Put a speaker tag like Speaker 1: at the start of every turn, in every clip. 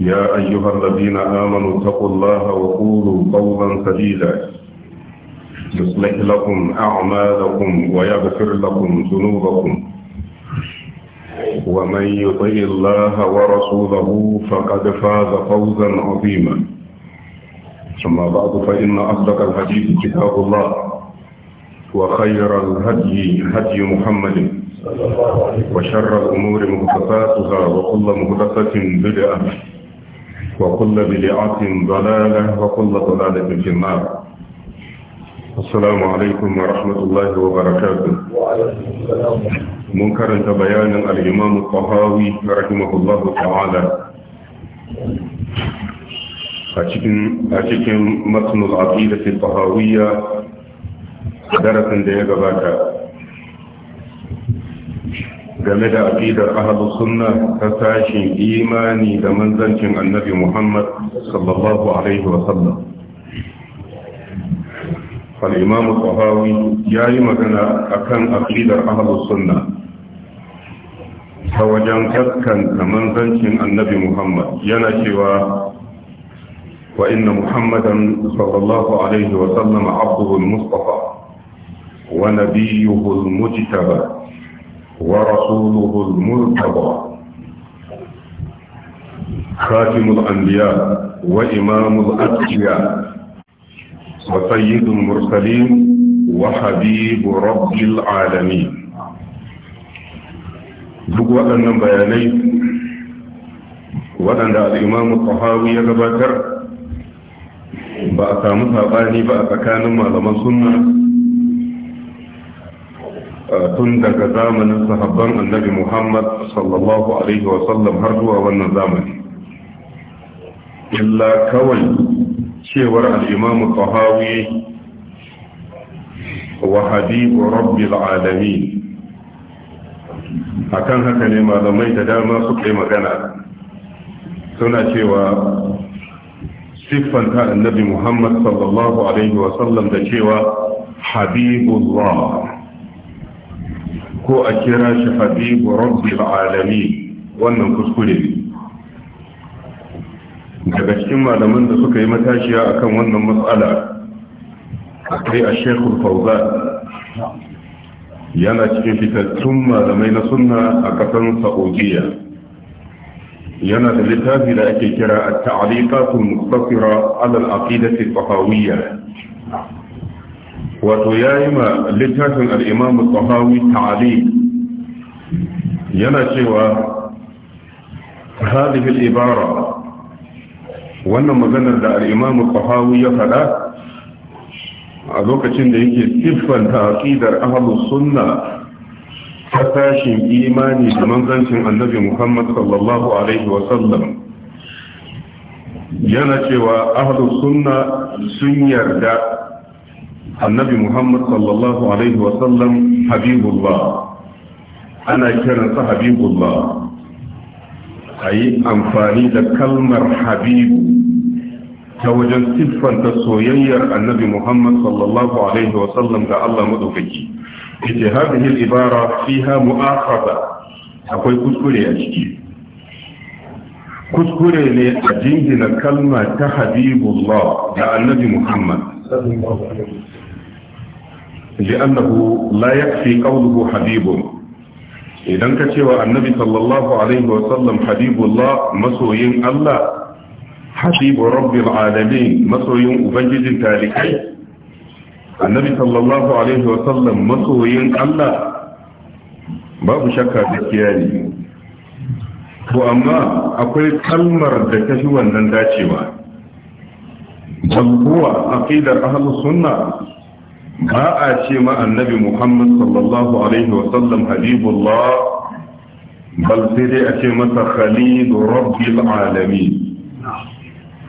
Speaker 1: يا أيها الذين آمنوا اتقوا الله وقولوا قولا سديدا يصلح لكم أعمالكم ويغفر لكم ذنوبكم ومن يطع الله ورسوله فقد فاز فوزا عظيما ثم بعد فإن أصدق الحديث كتاب الله وخير الهدي هدي محمد وشر الأمور مهدفاتها وكل مهدفة بدعة وكل بدعة ضلالة وكل ضلالة في النار السلام عليكم ورحمة الله وبركاته منكر بيان الإمام الطهاوي رحمه الله تعالى أشكن متن العقيدة الطهاوية درس ديغباتا game da aqidar ahlu ta sashin imani da manzancin annabi muhammad sallallahu alaihi wa sallam al-imam magana akan aqidar ahlu sunna ta wajen kakkan da manzancin annabi muhammad yana cewa wa inna muhammadan sallallahu alaihi wa sallam abduhu al-mustafa wa nabiyyuhu ورسوله المرتضى خاتم الأنبياء وإمام الأتقياء وسيد المرسلين وحبيب رب العالمين بقوة أنم بياني وأن الإمام الطحاوي يتباكر بأسامتها غاني بأسكان ما لمن سنة tun daga zamanin sahabban annabi Muhammad sallallahu alaihi wasallam har zuwa wannan zamani illa kawai cewar al'imamu tahawi wa hadibu rabbil A akan haka ne malamai da dama suka magana suna cewa siffanta annabi Muhammad sallallahu alaihi wasallam da cewa habibullah ko a kira shi habibu rabbil alami wannan kuskure daga cikin malaman da suka yi matashiya akan wannan matsala
Speaker 2: akwai a shekul fauzan
Speaker 1: yana cikin fitattun malamai na sunna a kasan saudiya yana da littafi da ake kira a ta'aliqatul mustafira ala al-aqidati al aqidati wato ya yi ma littafin al'imamu tsohawi ta'ali yana cewa hadihil ibara wannan maganar da al'imamu tsohawi ya faɗa a lokacin da yake siffan aƙidar ahalus sunna ta tashin imani da manzancin annabi Muhammad sallallahu Alaihi wasallam yana cewa ahalus sunna sun yarda annabi muhammad sallallahu alaihi wasallam habibullah ana kiransa habibullah a yi amfani da kalmar habibu ta wajen siffanta soyayyar annabi muhammad sallallahu alaihi wasallam ga allah maɗaukaki ita hadhihi al-ibara fiha mu'akhadha akwai kuskure a ciki kuskure ne a jingina kalma ta habibullah ga annabi muhammad li'annahu la yakfi qawluhu habibun idan ka cewa annabi sallallahu alaihi wasallam habibullah masoyin Allah habibu rabbil alamin masoyin ubangijin talikai annabi sallallahu alaihi wasallam masoyin Allah babu shakka gaskiya ne to amma akwai kalmar da ta wannan dacewa tabbuwa aqidar ahlus sunna ba a ce ma annabi muhammad sallallahu alaihi wasallam habibullah bal sai dai a ce masa khalidu rabbil alami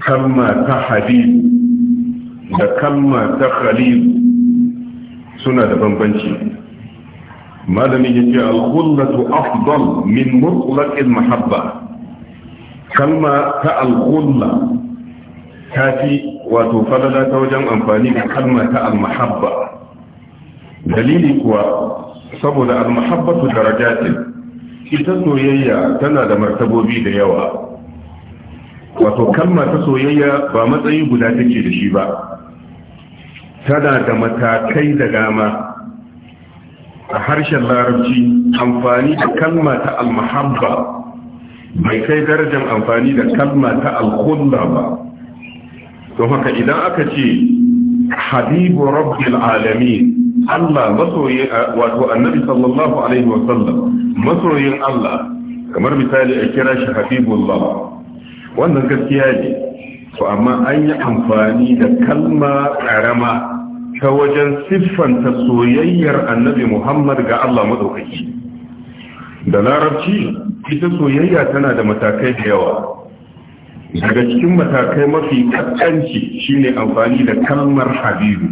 Speaker 1: kalma ta habib da kalma ta khalid suna da bambanci malamin ya ce alkhullatu afdal min mutlaqil mahabba kalma ta alkhulla ta fi wato falala ta wajen amfani da kalma ta al-mahabba dalili kuwa saboda al-mahabbatu darajatin ita soyayya tana da martabobi da yawa wato kalma ta soyayya ba matsayi guda take da shi ba tana da matakai da dama a harshen larabci amfani da kalma ta al-mahabba bai kai darajar amfani da kalma ta al-kulla ba Don haka idan aka ce habibu rabbil alamin Allah masoyin wato annabi sallallahu alaihi wa sallam masoyin Allah kamar misali a kira shi habibullah wannan gaskiya ne to amma an yi amfani da kalma karama ta wajen siffanta soyayyar annabi Muhammad ga Allah madaukaki da larabci ita soyayya tana da matakai da yawa daga cikin matakai mafi ƙasƙanci shine amfani da kalmar habibu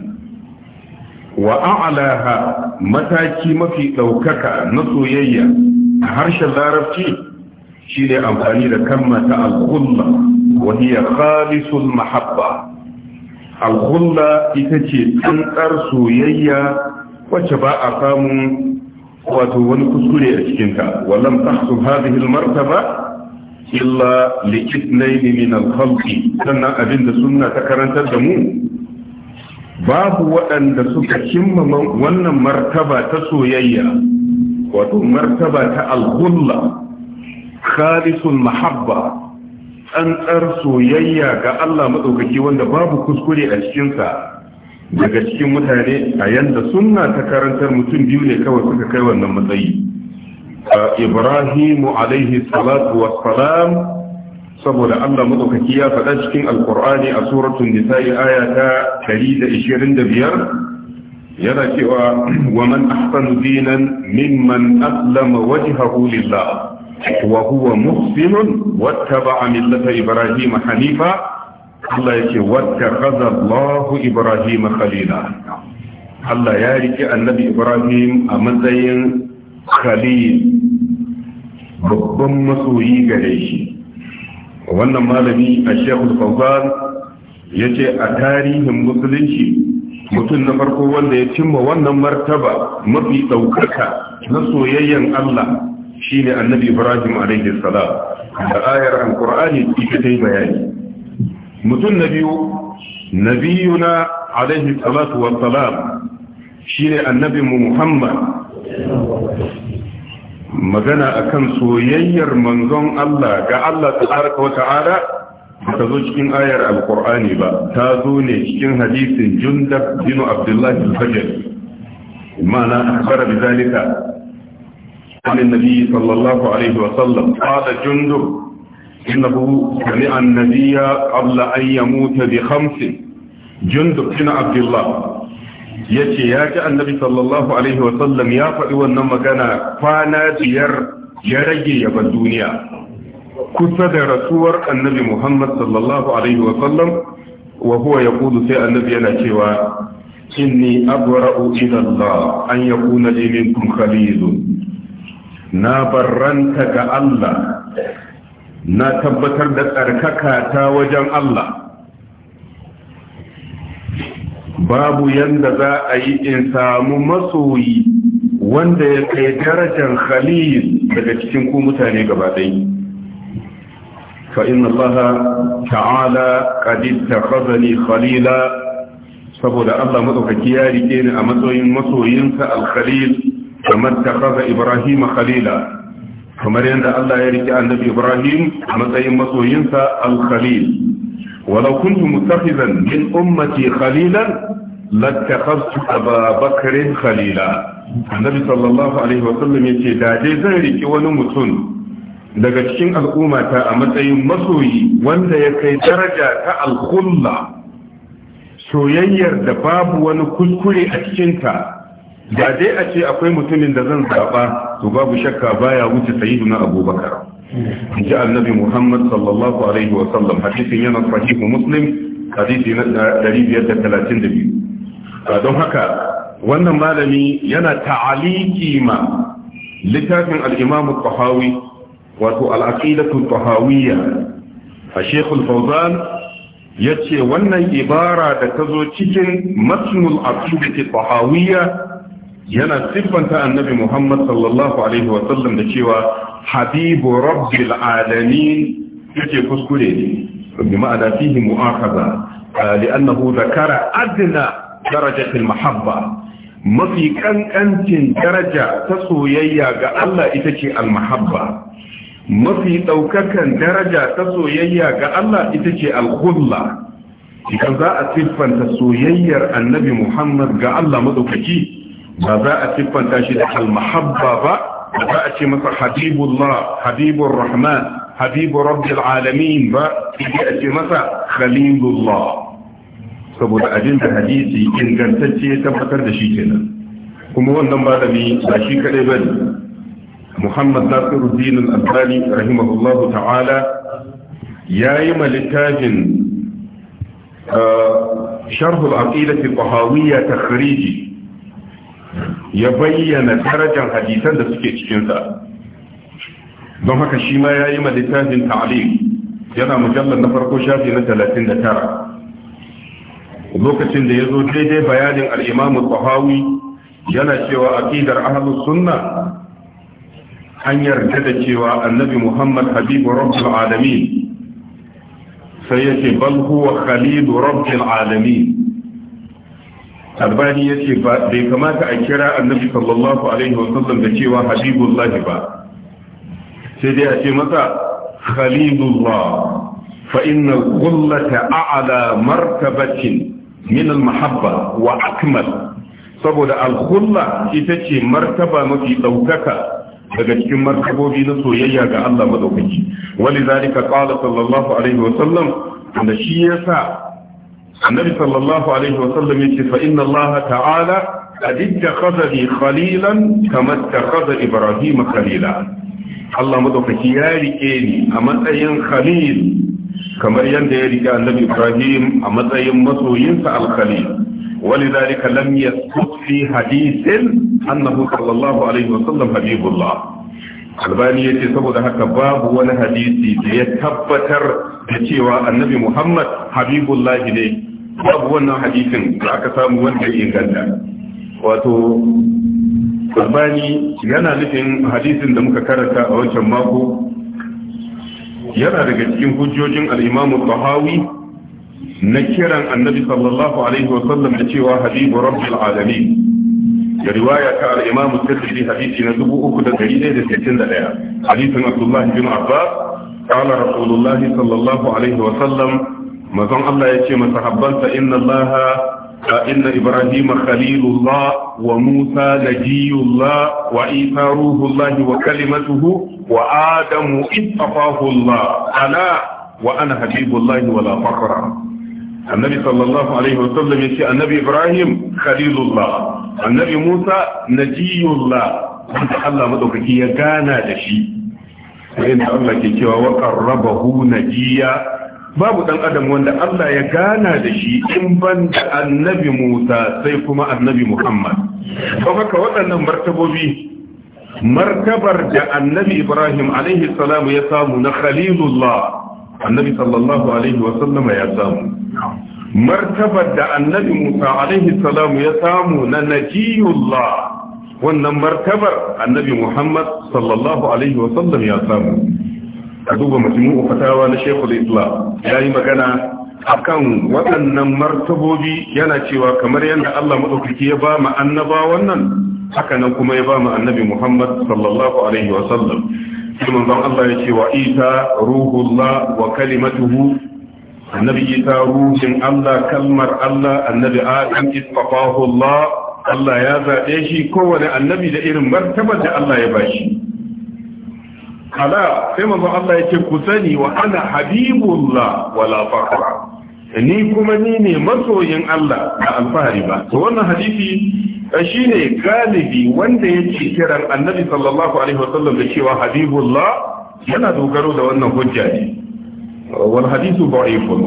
Speaker 1: wa a'laha mataki mafi ɗaukaka na soyayya a harshen larabci shine amfani da kalma ta al-khulla wa hiya khalisul mahabba al ita ce tsantsar soyayya wacce ba a samun wato wani kuskure a cikinta wallam tahsul hadhihi al-martaba illa li'ithnaini min al sannan abinda suna ta karantar da mu babu waɗanda suka cimma wannan martaba ta soyayya wato martaba ta al-ghulla khalisul mahabba tsantsar soyayya ga Allah madaukaki wanda babu kuskure a cikinsa daga cikin mutane a yanda sunna ta karantar mutum biyu ne kawai suka kai wannan matsayi ibrahimu alaihi salatu wassalam saboda Allah madaukaki ya faɗa cikin alkur'ani a suratun nisa'i aya ta 125 yana cewa wa man ahsanu dinan mimman aslama wajhahu lillah wa huwa muhsinun wattaba'a millata Ibrahim hanifa Allah ya ce wattakaza Allahu Ibrahim khalila Allah ya rike annabi Ibrahim a matsayin khalil babban masoyi gare shi wannan malami a shekul ya ce a tarihin musulunci mutum na farko wanda ya cimma wannan martaba mafi ɗaukaka na soyayyen allah shine annabi ibrahim alaihi salam da ayar alkur'ani ita ta yi bayani mutum na biyu nabiyuna alaihi salatu wassalam shine annabinmu muhammad magana akan soyayyar manzon Allah ga Allah tabaraka wa ba ta zo cikin ayar alqur'ani ba ta zo ne cikin hadisin jundab bin abdullah al-fajr ma'ana akhbara bidalika عن النبي صلى الله عليه وسلم قال جندب إنه سمع النبي qabla أن يموت بخمس جندب jundur عبد الله Ya ce ya ji annabi sallallahu alaihi wa sallam ya faɗi wannan magana kwana biyar ya rage yaban duniya kusa da rasuwar annabi Muhammad sallallahu alaihi wa sallam wa huwa sai annabi yana cewa inni abra'u ila Allah an yakuna li minkum khalilun na barranta ga Allah na tabbatar da tsarkaka ta wajen Allah babu yadda za a yi in samu masoyi wanda ya kai darajar khalil daga cikin ku mutane gaba ɗaya fa inna ta'ala qad ittakhadhani khalila saboda Allah madaukaki ya rike ni a matsayin masoyinsa al-khalil kamar takhadha Ibrahim khalila kamar yadda Allah ya rike annabi Ibrahim a matsayin masoyinsa al ولو كنت متخذا من Khalilar. خليلا لاتخذت أبا بكر خليلا النبي صلى الله عليه وسلم يتي داجي زهري ونمتن daga cikin al'ummata a matsayin masoyi wanda ya kai daraja ta alkulla soyayyar da babu wani kuskure a cikinta da dai a ce akwai mutumin da zan zaɓa to babu shakka baya wuce na abubakar ji annabi muhammad sallallahu alaihi wa sallam hadisin yana sahihu muslim hadisi na 532 don haka wannan malami yana ta'aliki ma littafin al-imam al-tahawi wato al-aqidatu al-tahawiyya al-shaykh wannan ibara da zo cikin matnul aqidati al-tahawiyya yana siffanta annabi Muhammad sallallahu alaihi wa sallam da cewa habibu rabbil alamin yake kuskure ne bi ma'ana fihi mu'akhadha li'annahu zakara adna darajat al-mahabba mafi kankancin daraja ta soyayya ga Allah ita ce al-mahabba mafi daukakan daraja ta soyayya ga Allah ita ce al-khulla idan za a siffanta soyayyar annabi Muhammad ga Allah madaukaki ba za a siffanta shi da al-mahabba ba ba za a ce masa habibullah habibur rahman habibu rabbil alamin ba sai a ce masa khalilullah saboda abin da hadisi ingantacce ya tabbatar da shi kenan kuma wannan malami ba shi kadai bane Muhammad Nasiruddin Al-Albani rahimahullahu ta'ala yayi malittafin sharh al-aqidati al-tahawiyya takhriji ya bayyana darajar hadisan da suke cikinsa don haka shi ma ya yi littafin ta'alim yana mujallar na farko shafi na 39 lokacin da ya zo daidai bayanin al'imamu tsahawi yana cewa aƙidar ahalus sunna an yarda da cewa annabi muhammad habibu rabbul alamin sai yake balhuwa huwa khalidu rabbul alamin albani ya ce bai kamata a kira annabi sallallahu alaihi wasallam da cewa habibullahi ba sai dai a ce masa khalilullah fa inna qullata a'la martabatin min al-mahabba wa akmal saboda al-khulla ita ce martaba mafi daukaka daga cikin martabobi na soyayya ga Allah madaukaki walizalika qala sallallahu alaihi wasallam da shi yasa annabi sallallahu alaihi wasallam yace fa inna allaha ta'ala قد اتخذني خليلا كما اتخذ ابراهيم خليلا Allah madaukaki ya riƙe ni a matsayin Khalil kamar yadda ya rike Annabi Ibrahim a matsayin masoyinsa al-Khalil ولذلك لم يثبت في حديث أنه صلى الله عليه وسلم حبيب albani ya ce saboda haka babu wani hadisi da ya tabbatar da cewa annabi muhammad habibullahi ne babu wannan hadisin da aka samu wanda ya inganta wato albani yana nufin hadisin da muka karanta a wancan mako yana daga cikin hujjojin al'imamu tahawi na kiran annabi sallallahu alaihi wa sallam da cewa habibu rabbil alamin da riwaya ta al'imamu tirmidhi hadisi na 3161 hadisin abdullah bin abbas قال رسول الله صلى الله عليه وسلم mazan Allah ya ce masahabbansa inna Allah inna Ibrahim khalilullah wa Musa nabiyullah wa Isa ruhullah wa kalimatuhu wa Adamu ittafahu Allah ala wa ana habibullah wa la faqra annabi sallallahu alaihi wa wasallam yace annabi Ibrahim khalilullah annabi Musa nabiyullah wanda Allah madaukaki ya gana da shi sai Allah ke cewa wa qarrabahu najiya babu dan adam wanda Allah ya gana da shi in ban da annabi Musa sai kuma annabi Muhammad don haka waɗannan martabobi martabar da annabi Ibrahim alaihi salam ya samu na khalilullah annabi sallallahu alaihi wa sallam ya samu martabar da annabi Musa alaihi salam ya samu na najiyullah wannan martabar annabi Muhammad sallallahu alaihi wa sallam ya samu A duba majmu'u ufatawa na Sheikhul Islam yi magana akan waɗannan martabobi yana cewa kamar yadda Allah madaukaki ya ba mu annabawan nan haka nan kuma ya ba mu annabi Muhammad sallallahu alaihi wa sallam kuma don Allah ya ce wa Isa ruhullah wa kalimatuhu annabi Isa ruhin Allah kalmar Allah annabi Adam istafahu Allah Allah ya zaɓe shi kowane annabi da irin martabar da Allah ya ba shi kala sai manzo Allah yake ku sani wa ana habibullah wala fakhra ni kuma ni ne masoyin Allah da alfahari ba to wannan hadisi eh, ne galibi wanda ya ce kiran annabi sallallahu alaihi wasallam da cewa habibullah yana dogaro da wannan hujja ne wal hadisu da'ifun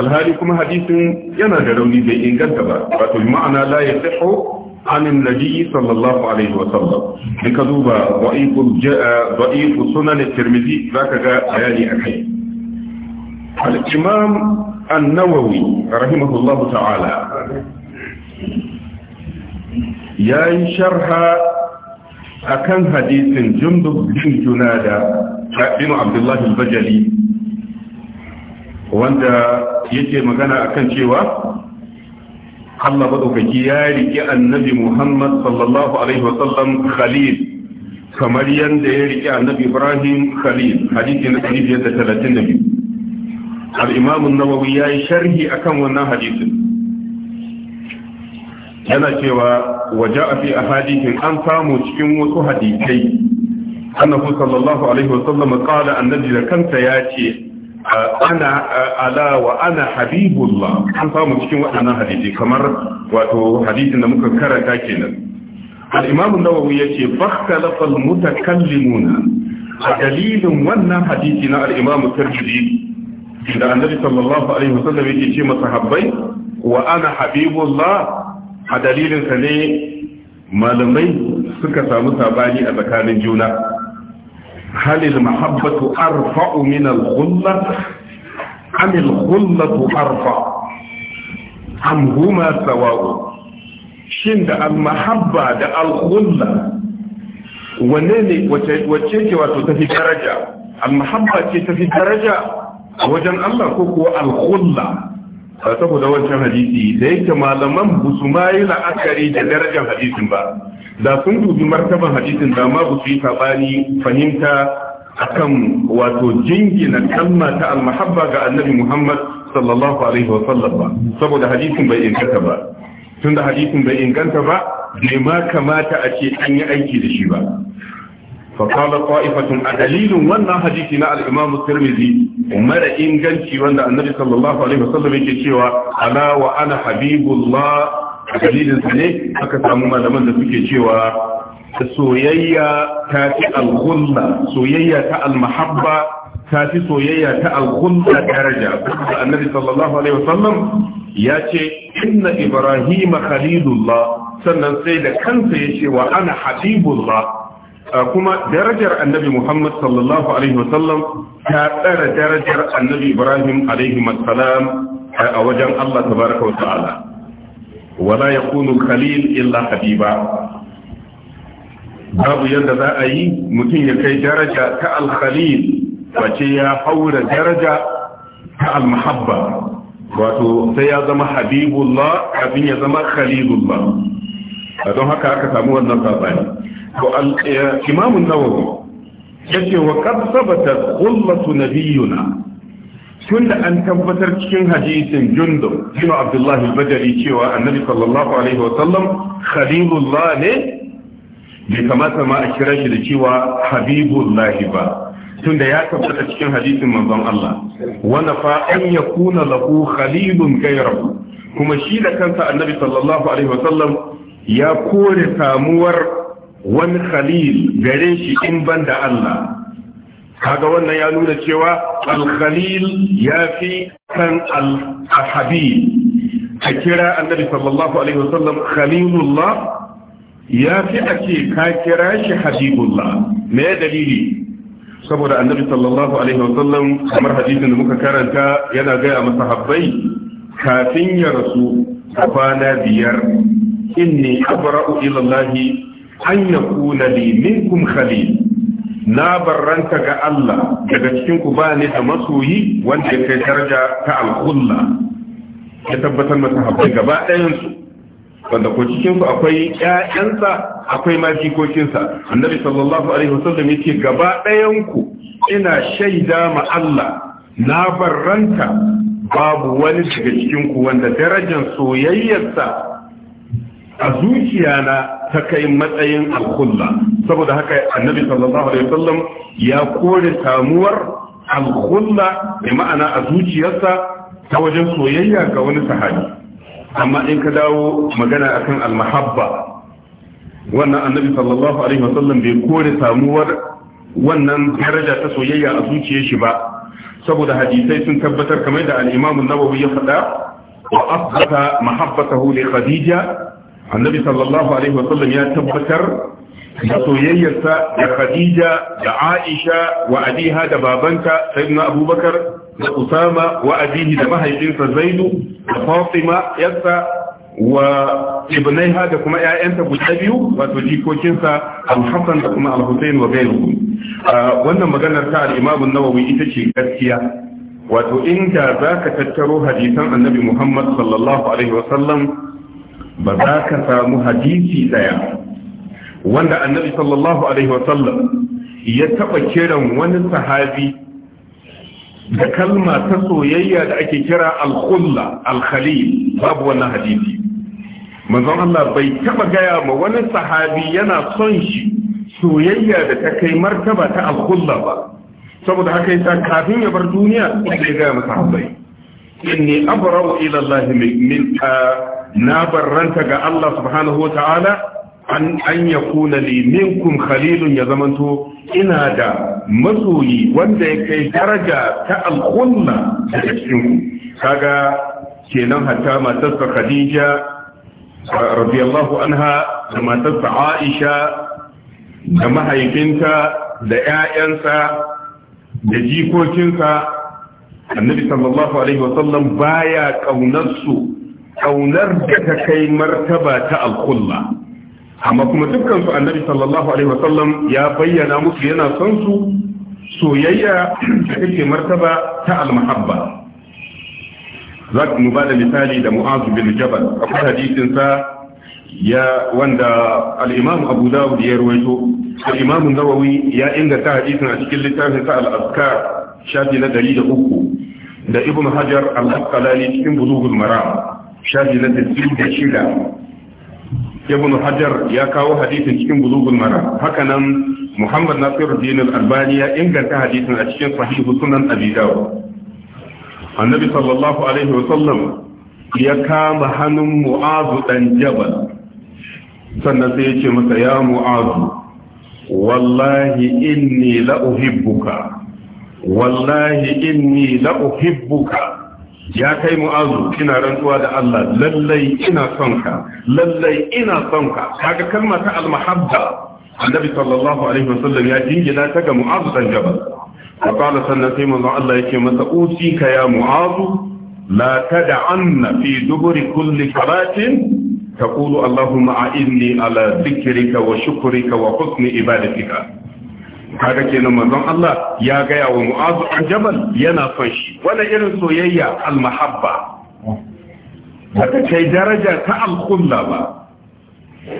Speaker 1: alhali kuma hadisin yana da rauni bai inganta ba wato ma'ana la yasihu anin nabi sallallahu alaihi wa sallam in ka duba da'ifu sunan tirmidhi zaka ga bayani akai al-imam an-nawawi rahimahullahu ta'ala yayi sharha akan hadisin jundub bin junada ibn abdullah al-bajali wanda yake magana akan cewa Allah madaukaki ya riki annabi Muhammad sallallahu alaihi wasallam khalil kamar yadda ya riƙe annabi Ibrahim khalil hadisi na 532 al-Imam an-Nawawi ya yi sharhi akan wannan hadisin yana cewa waja'a fi hadisin an samu cikin wasu hadisai annabi sallallahu alaihi wasallam qala annabi da kanta ya ce Eh, ana eh, ala wa ana habibullah an samu cikin waɗannan hadisi kamar wato hadisin da muka karanta kenan al-imam an-nawawi yace fakhtalafa al-mutakallimuna a dalilin wannan hadisi na al-imam tirmidhi da annabi sallallahu alaihi wasallam yake ce masahabbai wa ana habibullah a dalilin sa ne malamai suka samu sabani a tsakanin juna halil mahabbatu arfa'u min al-ghulla am al arfa am huma sawa'u shin da al-mahabba da al-ghulla wanne ne wacce ce wato tafi daraja al-mahabba ce tafi daraja wajen Allah ko kuwa al-ghulla saboda wancan hadisi da yake malaman ba su ma yi la'akari da darajar hadisin ba da sun dubi martaban hadisin da ma ba su yi sabani fahimta akan wato jingina kalma ta almahabba ga annabi muhammad sallallahu alaihi wa sallam ba saboda hadisin bai inganta ba tunda hadisin bai inganta ba bai ma kamata a ce an yi aiki da shi ba فقال طائفة أدليل وانا حديثنا الإمام الترمذي مر إنجنشي وانا النبي صلى الله عليه وسلم يكتشيوا ألا وأنا حبيب الله دليل سنة أكثر مما لمن تكتشيوا سويا تاتي الخلة سويا تا المحبة تاتي سويا تا الخلة درجة النبي صلى الله عليه وسلم ياتي إن إبراهيم خليل الله سنة سيدة كان سيشي وأنا حبيب الله kuma darajar annabi Muhammad sallallahu alaihi wasallam ta tsara darajar annabi Ibrahim alaihi salam a wajen Allah tabaraka wa ta'ala wala yakunu khalil illa habiba babu yadda za a yi mutum ya kai daraja ta Al-Khalil wace ya haura daraja ta almahabba wato sai ya zama habibullah abin ya zama khalilullah don haka aka samu wannan sabani Eh, imamu nawawi yace wa kasabata sabata nabiyyuna tunda an tabbatar cikin hadisin jundub bin abdullah al-badri cewa annabi sallallahu alaihi wa sallam khalilullah ne bi kamata ma a kira shi da cewa habibullah ba tunda ya tabbata cikin hadisin manzon Allah wa nafa an yakuna lahu khalilun ghayruhu kuma shi da kansa annabi sallallahu alaihi wa sallam ya kore samuwar wani khalil gare shi in ban da Allah kaga wannan ya nuna cewa al-khalil ya fi kan al-habib a kira annabi sallallahu alaihi wasallam khalilullah ya fi a ce ka kira shi habibullah me dalili saboda annabi sallallahu alaihi wasallam kamar hadisin da muka karanta yana gaya masahabbai kafin ya rasu kwana biyar inni abra'u ila an ya kula li minkum khalil na barranka ga Allah daga cikin ku ba ni da masoyi wanda ya kai daraja ta alƙulla ya tabbatar masa haɓar gaba su wanda ko cikin ku akwai ƴaƴansa akwai ma jikokinsa annabi sallallahu alaihi wasallam yake gaba ɗayan ku ina shaida ma Allah na barranta babu wani daga cikin ku wanda darajar soyayyarsa a zuciya na ta kai matsayin al'hulla. saboda haka annabi sallallahu alaihi wasallam ya kore samuwar al'hulla. da ma'ana a zuciyarsa ta wajen soyayya ga wani sahabi amma in ka dawo magana akan almahabba wannan annabi sallallahu alaihi wasallam bai kore samuwar wannan daraja ta soyayya a zuciyar shi ba saboda hadisai sun tabbatar kamar da al-Imam nawawi ya faɗa wa asbata mahabbatahu li Khadija annabi sallallahu alaihi wasallam ya tabbatar da soyayyarsa da khadija da aisha wa abiha da babanta sayyidina abubakar da usama wa abihi da mahaifinsa zaidu da fatima yarsa wa ibnaiha da kuma ƴaƴanta guda biyu wato jikokinsa al-hasan da kuma al-husayn wa ghayruhum wannan maganar ta al-imam an-nawawi ita ce gaskiya wato inda zaka tattaro hadisan annabi muhammad sallallahu alaihi sallam? ba za ka samu hadisi daya wanda annabi sallallahu alaihi wasallam ya taba kiran wani sahabi da kalma ta soyayya da ake kira al-khulla al-khalil babu wannan hadisi manzon Allah bai taba gaya ma wani sahabi yana son shi soyayya da ta kai martaba ta al-khulla ba saboda haka yasa kafin ya bar duniya sai ya gaya masa sahabbai inni abra'u ila Allah min na barranta ga Allah subhanahu wa ta'ala an an kuna li minkum khalilun ya zamanto ina da masoyi wanda ya kai daraja ta alkhulla da cikin kaga kenan hatta matarsa Khadija radiyallahu anha da matarsa Aisha da mahaifinta da ƴaƴansa da jikokinsa annabi sallallahu alaihi wasallam baya su kaunar da ta kai martaba ta alkulla amma kuma dukkan su annabi sallallahu alaihi wasallam ya bayyana musu yana son su soyayya da take martaba ta almahabba za mu ba da misali da mu'azu bin jabal akwai hadisin sa ya wanda al-imam abu dawud ya rawaito al-imam nawawi ya inganta hadisin a cikin littafin sa al-azkar shafi na ɗari da uku da ibn hajar al-asqalani cikin bulughul maram shafi na tasirin da shida ibn hajar ya kawo hadisin cikin bulughul maram haka nan muhammad nasiruddin al-albani ya inganta hadisin a cikin sahihu sunan abi dawud annabi sallallahu alaihi wa sallam ya kama hannun mu'azu dan jabal sannan sai ya ce masa ya mu'azu wallahi inni la uhibbuka wallahi inni la uhibbuka ya kai mu'azu ina rantsuwa da Allah lallai ina son ka lallai ina son ka kaga kalmar ta al annabi sallallahu alaihi wasallam ya jingina ta ga mu'azu dan jabal fa qala sannan sai manzo Allah yake masa usi ka ya mu'azu la tad'anna fi duburi kulli salatin taqulu allahumma a'inni ala dhikrika wa shukrika wa husni ibadatika kaga kenan manzon Allah ya gaya wa Mu'az an jabal yana son shi wannan irin soyayya al-mahabba ta kai daraja ta al-khulla ba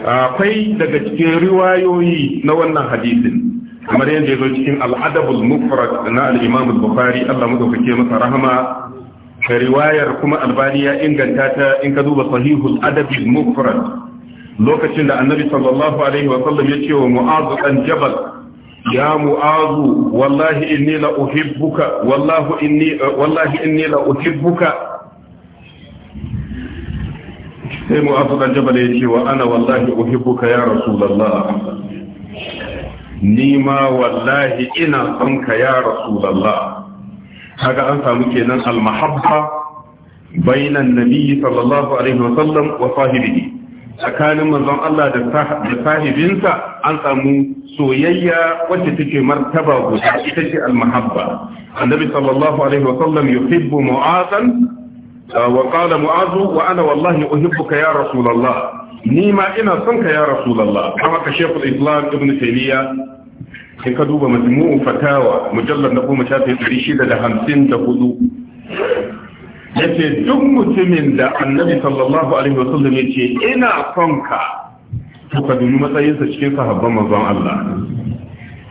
Speaker 1: akwai daga cikin riwayoyi na wannan hadisin kamar yadda ya zo cikin al-adabul mufrad na al-imam al-bukhari Allah madaukake masa rahama riwayar kuma albani ya inganta ta in ka duba sahihul adabil mufrad lokacin da annabi sallallahu alaihi wa sallam ya ce wa mu'az an jabal ya mu'azu eh, wallahi inni la uhibbuka sai mu'azu dan jabal ya ce wa ana wallahi uhibbuka ya rasulullah ni ma wallahi ina son ka ya rasulullah kaga an samu kenan al-mahabba bainan nabi sallallahu alaihi tsakanin manzon Allah da sahibinsa an samu soyayya wacce take martaba guda ita ce al muhabba. annabi sallallahu alaihi wa sallam yuhibbu mu'azan uh, wa qala mu'azu wa ana wallahi uhibbuka ya rasulullah ni ma ina son ka ya rasulullah kama ka shekul islam ibn taymiya sai ka duba majmu'u fatawa mujallal na goma sha shida da hamsin da hudu yace duk mutumin da annabi sallallahu alaihi wasallam yace ina son ka dubi matsayinsa cikin sahabban manzon Allah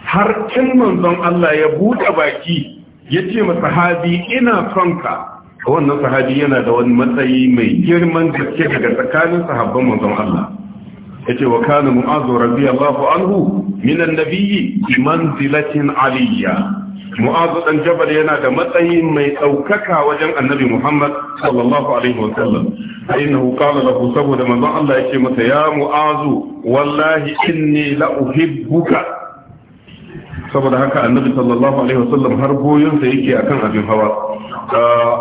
Speaker 1: har kin manzon Allah ya bude baki yace ma sahabi ina son ka wannan sahabi yana da wani matsayi mai girman gaske daga tsakanin sahabban manzon Allah yace wa kana mu'azu Allahu anhu min an-nabiyyi bi manzilatin aliyya mu'azu dan jabal yana da matsayi mai ɗaukaka wajen annabi muhammad sallallahu alaihi wa sallam fa innahu qala lahu saboda manzon Allah ce masa ya mu'azu wallahi inni la uhibbuka saboda haka annabi sallallahu alaihi wa sallam har goyonsa yake akan abin hawa ah,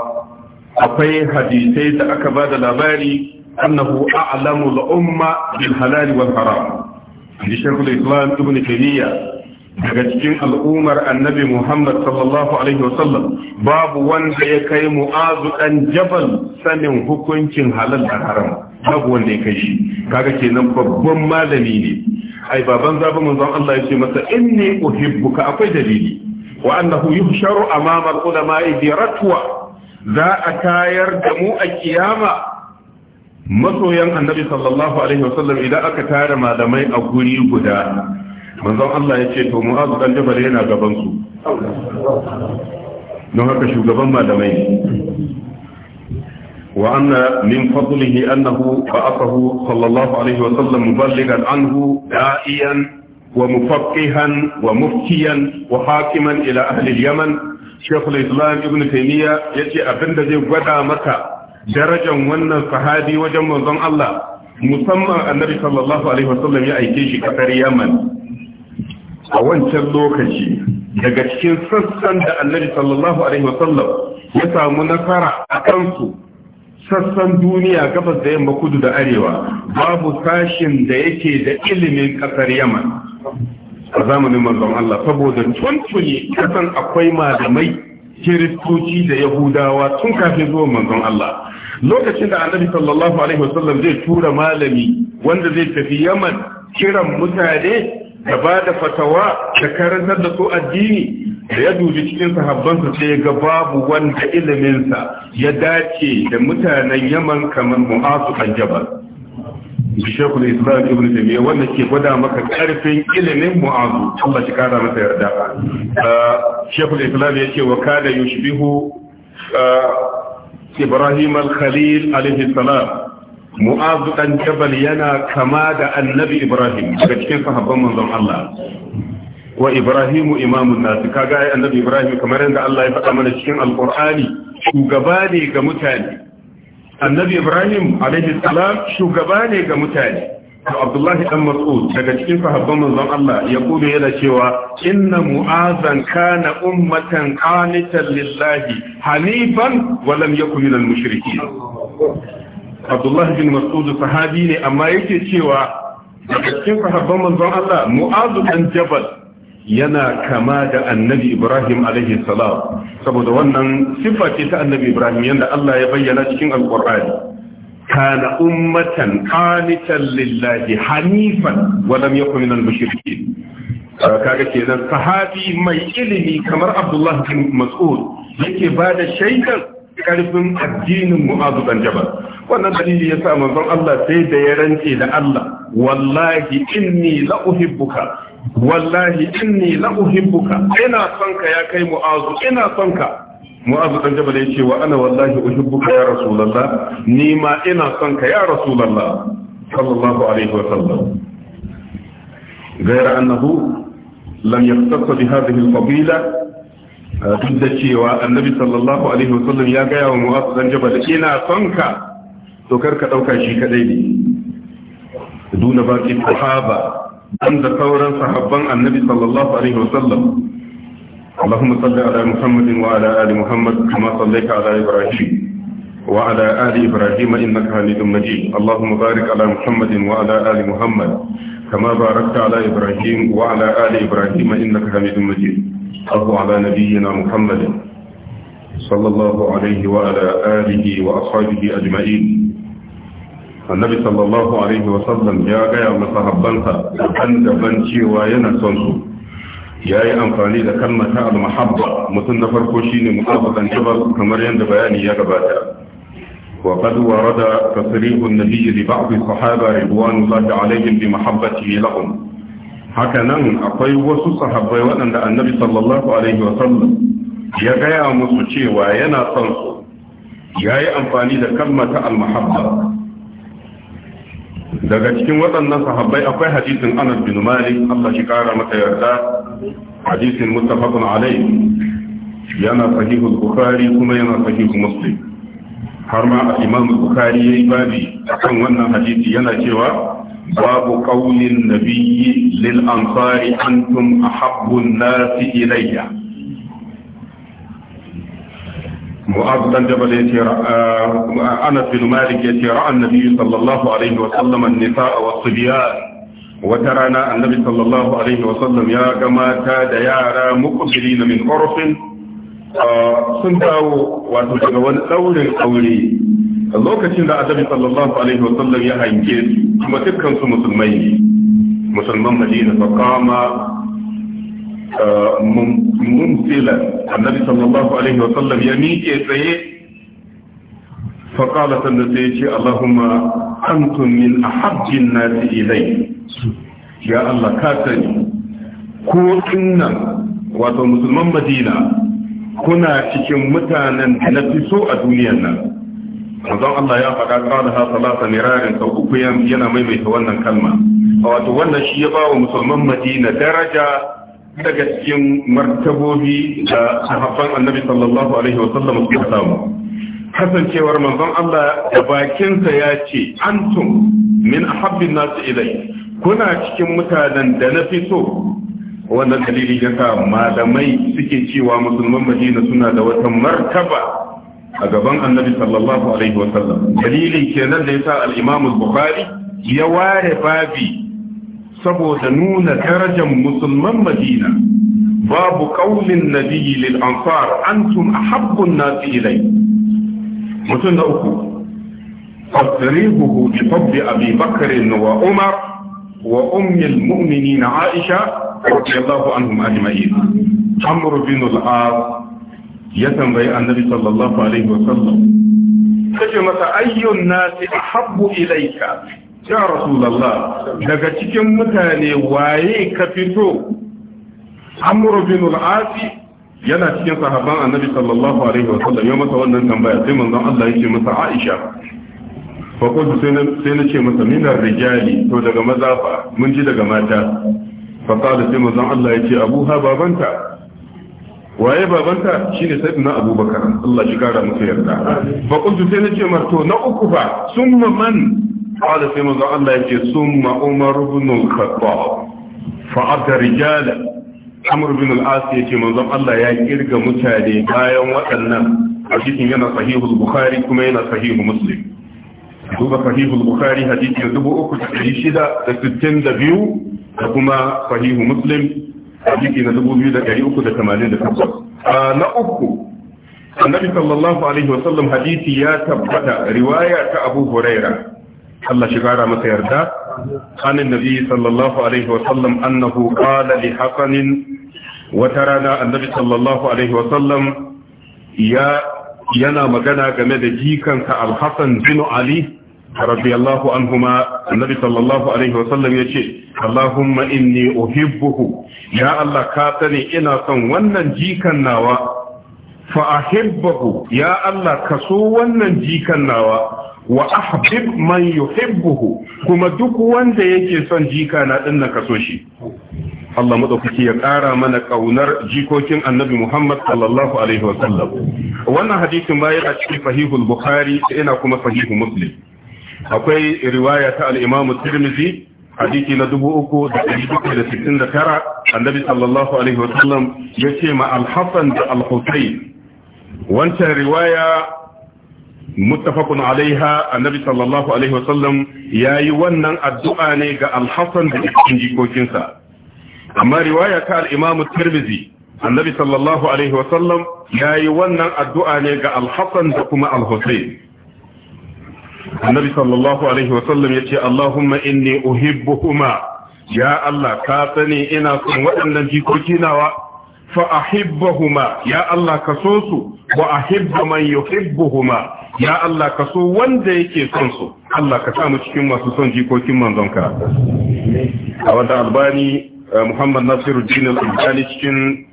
Speaker 1: akwai hadisai da aka ba da labari annahu a'lamu al-umma bil halal wal haram. Islam Ibn Taymiyyah daga cikin al'ummar annabi Muhammad sallallahu Alaihi wasallam babu wanda ya kai mu'azu ɗan jabal sanin hukuncin halal da haram babu wanda ya kai shi kaga kenan babban malami ne ai baban zaba manzon Allah ya ce masa inni uhibbuka akwai dalili wa annahu yuhsharu amama al-ulama'i bi ratwa za a tayar da mu a kiyama masoyan annabi sallallahu alaihi wasallam idan aka tara malamai a guri guda manzon Allah ya ce to mu'azu dan jabal yana gaban su
Speaker 2: don haka shugaban malamai
Speaker 1: wa anna min fadlihi annahu ba'athahu sallallahu alaihi wa sallam muballighan anhu da'iyan wa mufaqqihan wa muftiyan wa hakiman ila ahli yaman Sheikh al-Islam Ibn Taymiyyah yace abinda zai gwada maka Darajan wannan sahabi wajen manzon Allah musamman annabi sallallahu alaihi sallam ya aike shi kasar Yaman a wancan lokaci daga cikin sassan da annabi sallallahu alaihi wasallam ya samu nasara a kansu sassan duniya gabas da yamma kudu da arewa babu sashin da yake da ilimin kasar yaman a zamanin manzon Allah saboda tuntuni kasan akwai malamai kiristoci da yahudawa tun kafin zuwan manzon Allah lokacin da annabi sallallahu alaihi wasallam zai tura malami wanda zai tafi yaman kiran mutane da ba da fatawa da karantar da su addini da ya dubi cikin sahabbansa sai ga babu wanda iliminsa ya dace da mutanen yaman kamar mu'asu kan jabal bishekul islam ibn jami'a wanda ke gwada maka karfin ilimin mu'azu Allah shi kara masa yarda ah, shekul islam ya ce wa kada yushbihu ah, ibrahim al-khalil alaihi salam mu'azu dan jabal yana kama da annabi ibrahim daga cikin sahabban manzon Allah wa ibrahim imamun nas kaga ai annabi ibrahim kamar yadda Allah ya faɗa mana cikin alqur'ani shugaba ne ga mutane annabi ibrahim alaihi salam shugaba ne ga mutane to abdullahi dan mas'ud daga cikin sahabban manzon Allah ya kuma yana cewa inna mu'azan kana ummatan qanitan lillahi hanifan wa lam yakun minal mushrikeen abdullah bin mas'ud sahabi ne amma yake cewa daga cikin sahabban manzon Allah mu'azu dan jabal yana kama da annabi ibrahim alaihi salam saboda wannan siffa ce ta annabi ibrahim yanda Allah ya bayyana cikin alqur'ani kana ummatan qanitan lillahi hanifan wa lam yakun minal mushrikin kaga kenan sahabi mai ilimi kamar abdullah bin mas'ud yake bada shaidar karfin addinin mu'azu dan jabal wannan dalili yasa manzon Allah sai da ya rance da Allah wallahi inni la uhibbuka wallahi inni la uhibbuka ina son ka ya kai mu'azu ina son ka mu'azu dan jabal ya ce wa ana wallahi uhibbuka ya rasulullah ni ma ina son ka ya rasulullah sallallahu alaihi wa sallam غير أنه لم يختص بهذه الفضيلة duk da cewa annabi sallallahu alaihi wasallam ya gaya wa mu'az dan jabal ina son ka to kar ka dauka shi kadai ne duna baqi sahaba dan da sauran sahabban annabi sallallahu alaihi wasallam اللهم صل على محمد وعلى ال محمد كما صليت على ابراهيم وعلى ال ابراهيم انك حميد مجيد اللهم بارك على محمد وعلى ال محمد كما باركت على ابراهيم وعلى ال ابراهيم انك حميد مجيد أرضو على نبينا محمد صلى الله عليه وعلى آله وأصحابه أجمعين النبي صلى الله عليه وسلم يا غير متحبنك أنت بنتي وينا تنسو ya yi amfani da kalmar ta al mutum na farko shi ne mutabakan jibar kamar yadda bayani ya gabata wa kadu wa rada tasirihun nabi da ba'a fi sahaba rabuwa nuna da alayyin bi mahabbati lahum haka nan akwai wasu sahabbai waɗanda annabi sallallahu alaihi wasallam ya gaya musu cewa yana son su ya yi amfani da kalmata al-muhabba daga cikin waɗannan sahabbai akwai hadisin anas bin malik Allah shi kara mata yarda hadisin muttafaqun alaihi yana sahihul bukhari kuma yana sahihul muslim har ma al-imam bukhari yayi babi akan wannan hadisi yana cewa باب قول النبي للأنصار أنتم أحب الناس إلي معاذ بن جبل أنس بن مالك رأى النبي صلى الله عليه وسلم النساء والصبيان وترانا النبي صلى الله عليه وسلم يا كما كاد يارى مقبلين من عرف آه، سنتاو واتو wato daga wani lokacin da azabi sallallahu alaihi wasallam ya hanke su kuma dukkan su musulmai musulman madina fa kama mumsila annabi sallallahu alaihi wasallam ya miƙe tsaye fa qala sannan sai ce allahumma antum min ahabbin nasi ilai ya allah ka sani ko dinnan wato musulman madina kuna cikin mutanen da nafi so a duniyar nan manzon Allah ya faɗa da ha salata mirarin sau uku yana maimaita wannan kalma wato wannan shi ya ba wa musulman Madina daraja daga cikin martabobi da sahabban Annabi sallallahu alaihi wa sallam suka samu kasancewar manzon Allah da bakinsa ya ce antum min ahabbin nasu ilai kuna cikin mutanen da na fi so wannan dalili ya sa malamai suke cewa musulman Madina suna da wata martaba a gaban annabi sallallahu alaihi sallam. dalilin kenan da yasa al-imam al-bukhari ya ware babi saboda nuna darajar musulman madina babu qaulin nabiyyi lil ansar antum ahabbu an-nas ilay mutum da uku fasrihuhu bi fadli abi bakr wa umar wa ummi al-mu'minin aisha radiyallahu anhum ajma'in amr bin al-as ya tambayi annabi sallallahu alaihi wa wasallam kace masa ayyun nasi ahabbu ilayka ya rasulullah daga cikin mutane waye ka fito amru bin al-asi yana cikin sahaban annabi sallallahu alaihi wa sallam. ya masa wannan tambaya sai manzon Allah yake masa Aisha fa kuntu sai na ce masa minar rijali to daga maza fa mun ji daga mata fa qala sai manzon Allah yake Abu Hababanta waye babanta shine na abubakar Allah shi kara musu yarda fa kuntu sai nace marto na uku fa summa man qala sai manzo Allah yace summa umar ibn al-khattab fa adda rijala amr ibn al-as yace manzo Allah ya kirga mutane bayan waɗannan A cikin yana sahihu bukhari kuma yana sahihu muslim duba sahihu bukhari hadisi 3662 da kuma sahihu muslim hadisi na 2388 a na uku annabi sallallahu alaihi wasallam hadisi ya tabbata riwaya ta abu huraira Allah shi gara masa yarda anin nabi sallallahu alaihi wasallam annahu qala li hasanin wata rana annabi sallallahu alaihi wasallam ya yana magana game da jikansa Alhassan hasan ali radiyallahu anhuma annabi sallallahu alaihi wa sallam yace Allahumma inni uhibbuhu ya Allah ka sani ina son wannan jikan nawa fa ahibbuhu ya Allah ka wannan jikan nawa wa ahbib man yuhibbuhu kuma duk wanda yake son jika na din nan kaso shi Allah ya ƙara mana ƙaunar jikokin Annabi Muhammad sallallahu alaihi wa sallam wannan hadisin ma yana cikin sahihul Bukhari ina kuma sahihu Muslim akwai riwaya ta al-imam tirmidhi hadisi na 3769 annabi sallallahu alaihi wa sallam ya ce ma Alhassan da al wancan riwaya muttafaqun alaiha annabi sallallahu alaihi wa sallam ya yi wannan addu'a ne ga Alhassan da cikin jikokinsa amma riwaya ta al'imam imam annabi sallallahu alaihi wa sallam ya yi wannan addu'a ne ga Alhassan da kuma al annabi sallallahu alaihi wasallam yace Allahumma inni uhibbuhuma ya Allah ka sani ina son waɗannan jikoki nawa fa ahibbahuma ya Allah ka so su wa ahibbu man yuhibbuhuma ya Allah ka so wanda yake son su Allah ka sa mu cikin masu son jikokin manzonka a wanda albani eh, Muhammad Nasiruddin al-Albani cikin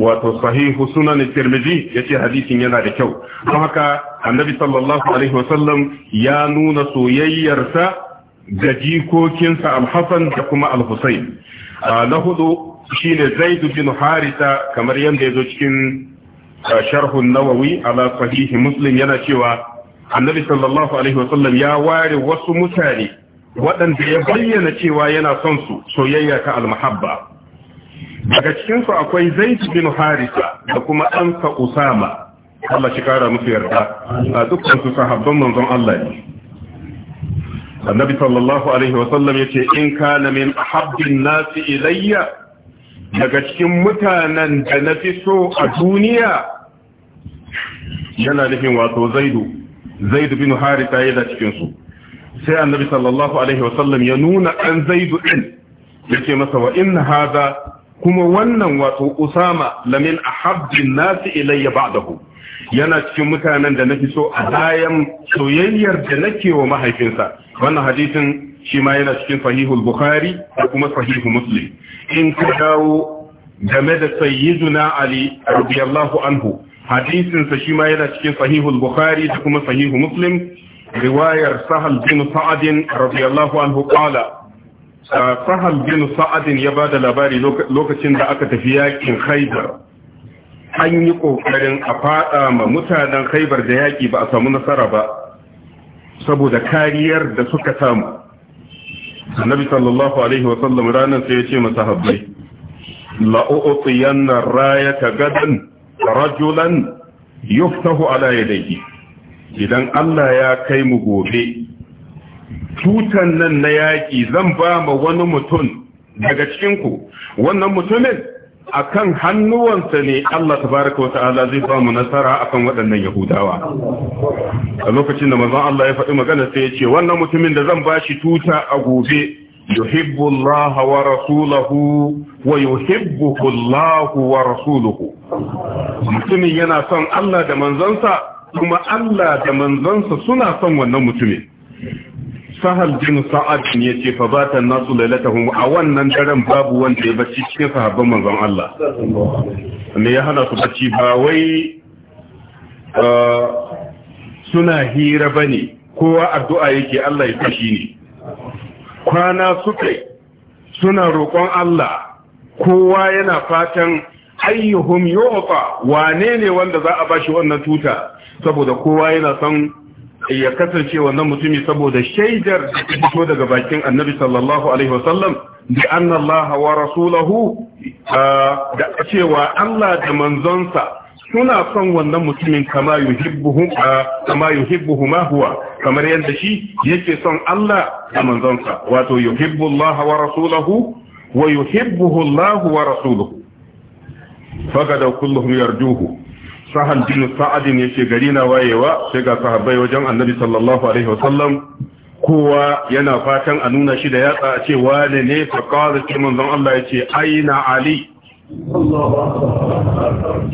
Speaker 1: wato sahihu sunan tirmidhi ce hadisin yana da kyau don haka annabi sallallahu alaihi wasallam ya nuna soyayyarsa ga jikokinsa Alhassan da kuma al ah, na hudu shine zaid bin harisa kamar ya zo cikin ah, sharhun nawawi ala sahihi muslim yana cewa annabi sallallahu alaihi wasallam ya ware wasu mutane waɗanda ya bayyana cewa yana son su soyayya ta al daga cikinsu akwai zaid bin harisa da kuma ɗansa usama Allah shi kara musu yarda a dukkan su sahabban manzon Allah ne annabi sallallahu alaihi wa sallam yace in kana min ahabbin nasi ilayya daga cikin mutanen da na fi so a duniya yana nufin wato zaidu zaidu bin harisa ya da cikinsu. sai annabi sallallahu alaihi wa sallam ya nuna ɗan zaidu ɗin yake masa wa in kuma wannan wato usama lamin a ahabbin nasi ilayya dahu, yana cikin mutanen da nafi so a bayan soyayyar da nake wa mahaifinsa wannan hadisin shi ma yana cikin sahihul bukhari da kuma sahihu muslim in ka dawo game da sayyiduna ali radiyallahu anhu hadisin sa shi ma yana cikin sahihul bukhari da kuma sahihu muslim riwayar sahal bin sa'ad radiyallahu anhu qala sahal uh, bin sa'adin ya ba da labari lokacin da aka tafi yakin haibar an yi ƙoƙarin a faɗa ma mutanen haibar da yaƙi ba a samu nasara ba saboda kariyar da suka samu annabi sallallahu alaihi wasallam ranar sai ya ce masa habbai la'u'utiyanna rayata gadan rajulan yuftahu ala yadayhi idan Allah ya kai mu gobe tutan nan na yaƙi zan ba ma wani mutum daga cikinku wannan mutumin akan hannuwansa ne Allah tabaraka wa ta'ala zai ba mu nasara akan waɗannan Yahudawa a lokacin da manzan Allah ya faɗi magana sai ya ce wannan mutumin da zan ba shi tuta a gobe yuhibbu Allah wa rasulahu wa yuhibbuhu Allah wa rasuluhu mutumin yana son Allah da manzonsa kuma Allah da manzonsa suna son wannan mutumin sahal bin sa'ad ne ya ce fa bata nasu lailatahum a wannan daren babu wanda ya bacci cikin sahabban manzon Allah me ya hana su bacci ba wai uh, suna hira bane kowa addu'a yake Allah ya kashi ne kwana suka suna roƙon Allah kowa yana fatan ayyuhum yu'ta wane ne wanda za a bashi wannan tuta saboda kowa yana son ya kasance wannan mutumi saboda shaidar da ta fito daga bakin annabi sallallahu alaihi wasallam bi anna Allah wa rasulahu ah, da cewa Allah da manzonsa suna son wannan mutumin kama yuhibbuhum ah, kama yuhibbuhuma huwa kamar yadda shi yake son Allah da manzonsa wato yuhibbu Allah wa rasulahu wa yuhibbuhu Allah wa rasuluhu faqad kulluhum yarjuhu sahan bin sa'adin yake gari na wayewa sai ga sahabbai wajen annabi sallallahu alaihi wasallam kowa yana fatan a nuna shi da yatsa a ce wane ne fa qala shi manzon Allah yace aina ali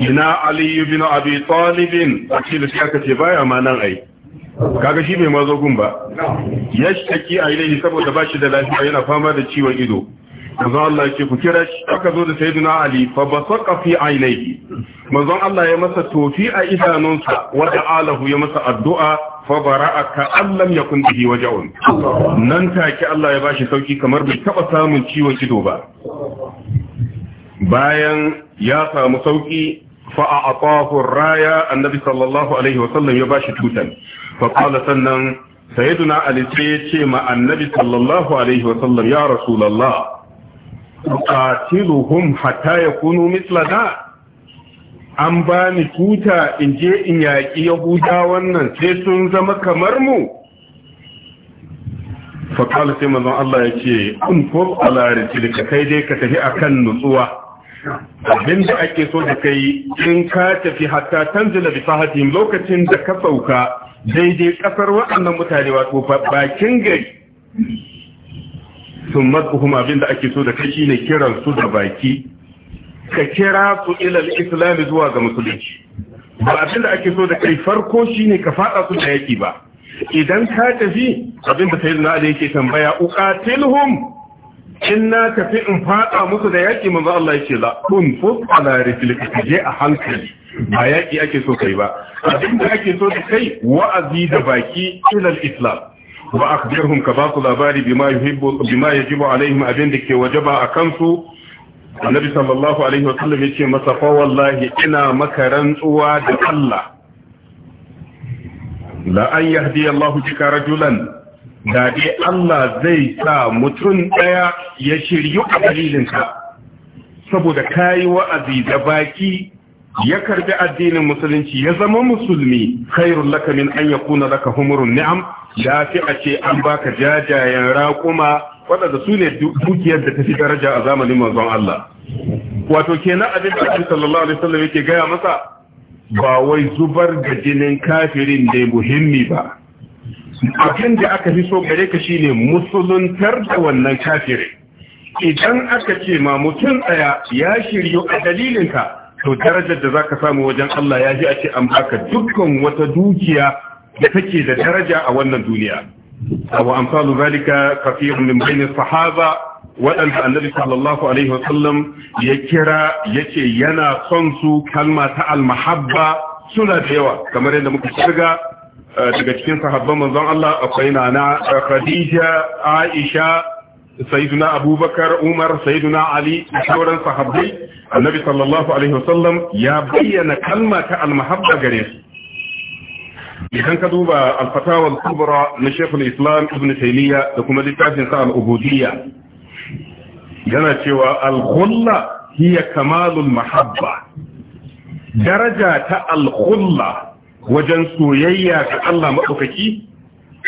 Speaker 1: ina ali ibn abi talib akil shi ce baya ma nan ai kaga shi bai mazo gun ba yashtaki a ilaihi saboda bashi da lafiya yana fama da ciwon ido manzo Allah yake ku kira shi aka zo da sayyidina Ali fa basaqa fi ainihi manzo Allah ya masa tofi a idanunsa wa alahu ya masa addu'a fa bara'a ka allam yakun bihi waja'un nan take Allah ya bashi sauki kamar bai taba samun ciwon kido ba bayan ya samu sauki fa a'tahu raya annabi sallallahu alaihi wa sallam ya bashi tutan fa qala sannan sayyiduna ali sai ya ce ma annabi sallallahu alaihi wa sallam ya rasulullah tuqatiluhum hatta yakunu mislana an ba ni tuta in je in yaƙi yahuda wannan sai sun zama kamar mu faƙalu sai mazan Allah ya ce an fur alari da kai dai ka tafi akan nutsuwa abin da ake so da kai in ka tafi hatta tan zila bi fahatim lokacin da ka sauka daidai kasar waɗannan mutane wato bakin gari sun matsuhum abin da ake so da kai shine kiran su da baki ka kira su ilal islam zuwa ga musulunci ba abin da ake so da kai farko shine ka fada su da yaki ba idan ka tafi abin da sayyidina ali yake tambaya uqatilhum in na tafi in fada musu da yaki manzo Allah yake la kun fus ala riflika je a hankali ba yaki ake so kai ba abin da ake so da kai wa'azi da baki ilal islam wa akhbirhum ka ba su labari bima yuhibbu yajibu alaihim abin da ke wajaba a kansu annabi sallallahu alaihi wasallam yace masa fa wallahi ina maka rantsuwa da Allah la an yahdi Allahu bika rajulan da dai Allah zai sa mutum daya ya shiryu a dalilinka saboda kayi wa'azi da baki ya karbi addinin musulunci ya zama musulmi khairul laka min an yakuna laka humurun ni'am ya a ce an baka jajayen raƙuma waɗanda su ne dukiyar da tafi daraja a zamanin manzon Allah wato kenan abin da Annabi sallallahu alaihi wasallam yake gaya masa ba wai zubar da jinin kafirin ne muhimmi ba abin da aka fi so gare ka shine musuluntar da wannan kafirin idan aka ce ma mutum tsaya ya shiryu a dalilinka to darajar da zaka samu wajen Allah ya ji a ce an baka dukkan wata dukiya da take da daraja a wannan duniya abu amsalu zalika kafirun min sahaba waɗanda annabi sallallahu alaihi sallam ya kira yace yana son su kalma ta almahabba suna da yawa kamar yadda muka shiga eh, daga cikin sahabban manzon Allah akwai na Khadija Aisha sayyiduna abubakar umar sayyiduna ali da sauran sahabbai annabi sallallahu alaihi wasallam ya bayyana kalma ta almahabba gare su idan ka duba alfatawar kubra na shaykhul islam ibn taymiya da kuma littafin sa al-ubudiyya yana cewa al-khulla hiya kamalul mahabba daraja ta al-khulla wajen soyayya ga Allah madaukaki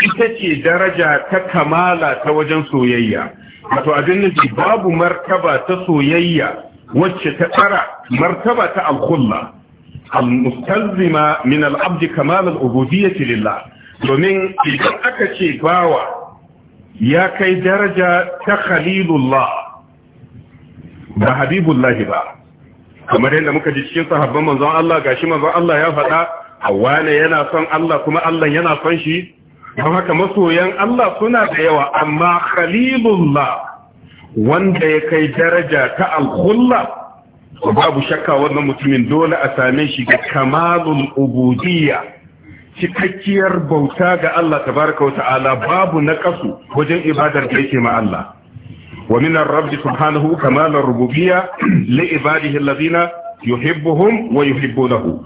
Speaker 1: ita ce daraja ta kamala ta wajen soyayya wato abin nufi babu martaba ta soyayya wacce ta tsara martaba ta alkulla al-mustalzima min al-abd kamal al-ubudiyyah lillah domin idan aka ce bawa ya kai daraja ta khalilullah ba habibullahi ba kamar yadda muka ji cikin sahabban manzon Allah gashi manzon Allah ya faɗa hawa ne yana son Allah kuma Allah yana son shi don haka masoyan Allah suna da yawa amma khalilullah wanda ya kai daraja ta alkhulla babu shakka wannan mutumin dole a same shi ga kamalul ubudiyya cikakkiyar bauta ga Allah tabaraka wa ta'ala babu naqasu wajen ibadar da yake ma Allah wa min ar-rabb subhanahu kamalur rububiyya li ibadihi alladhina yuhibbuhum wa yuhibbunahu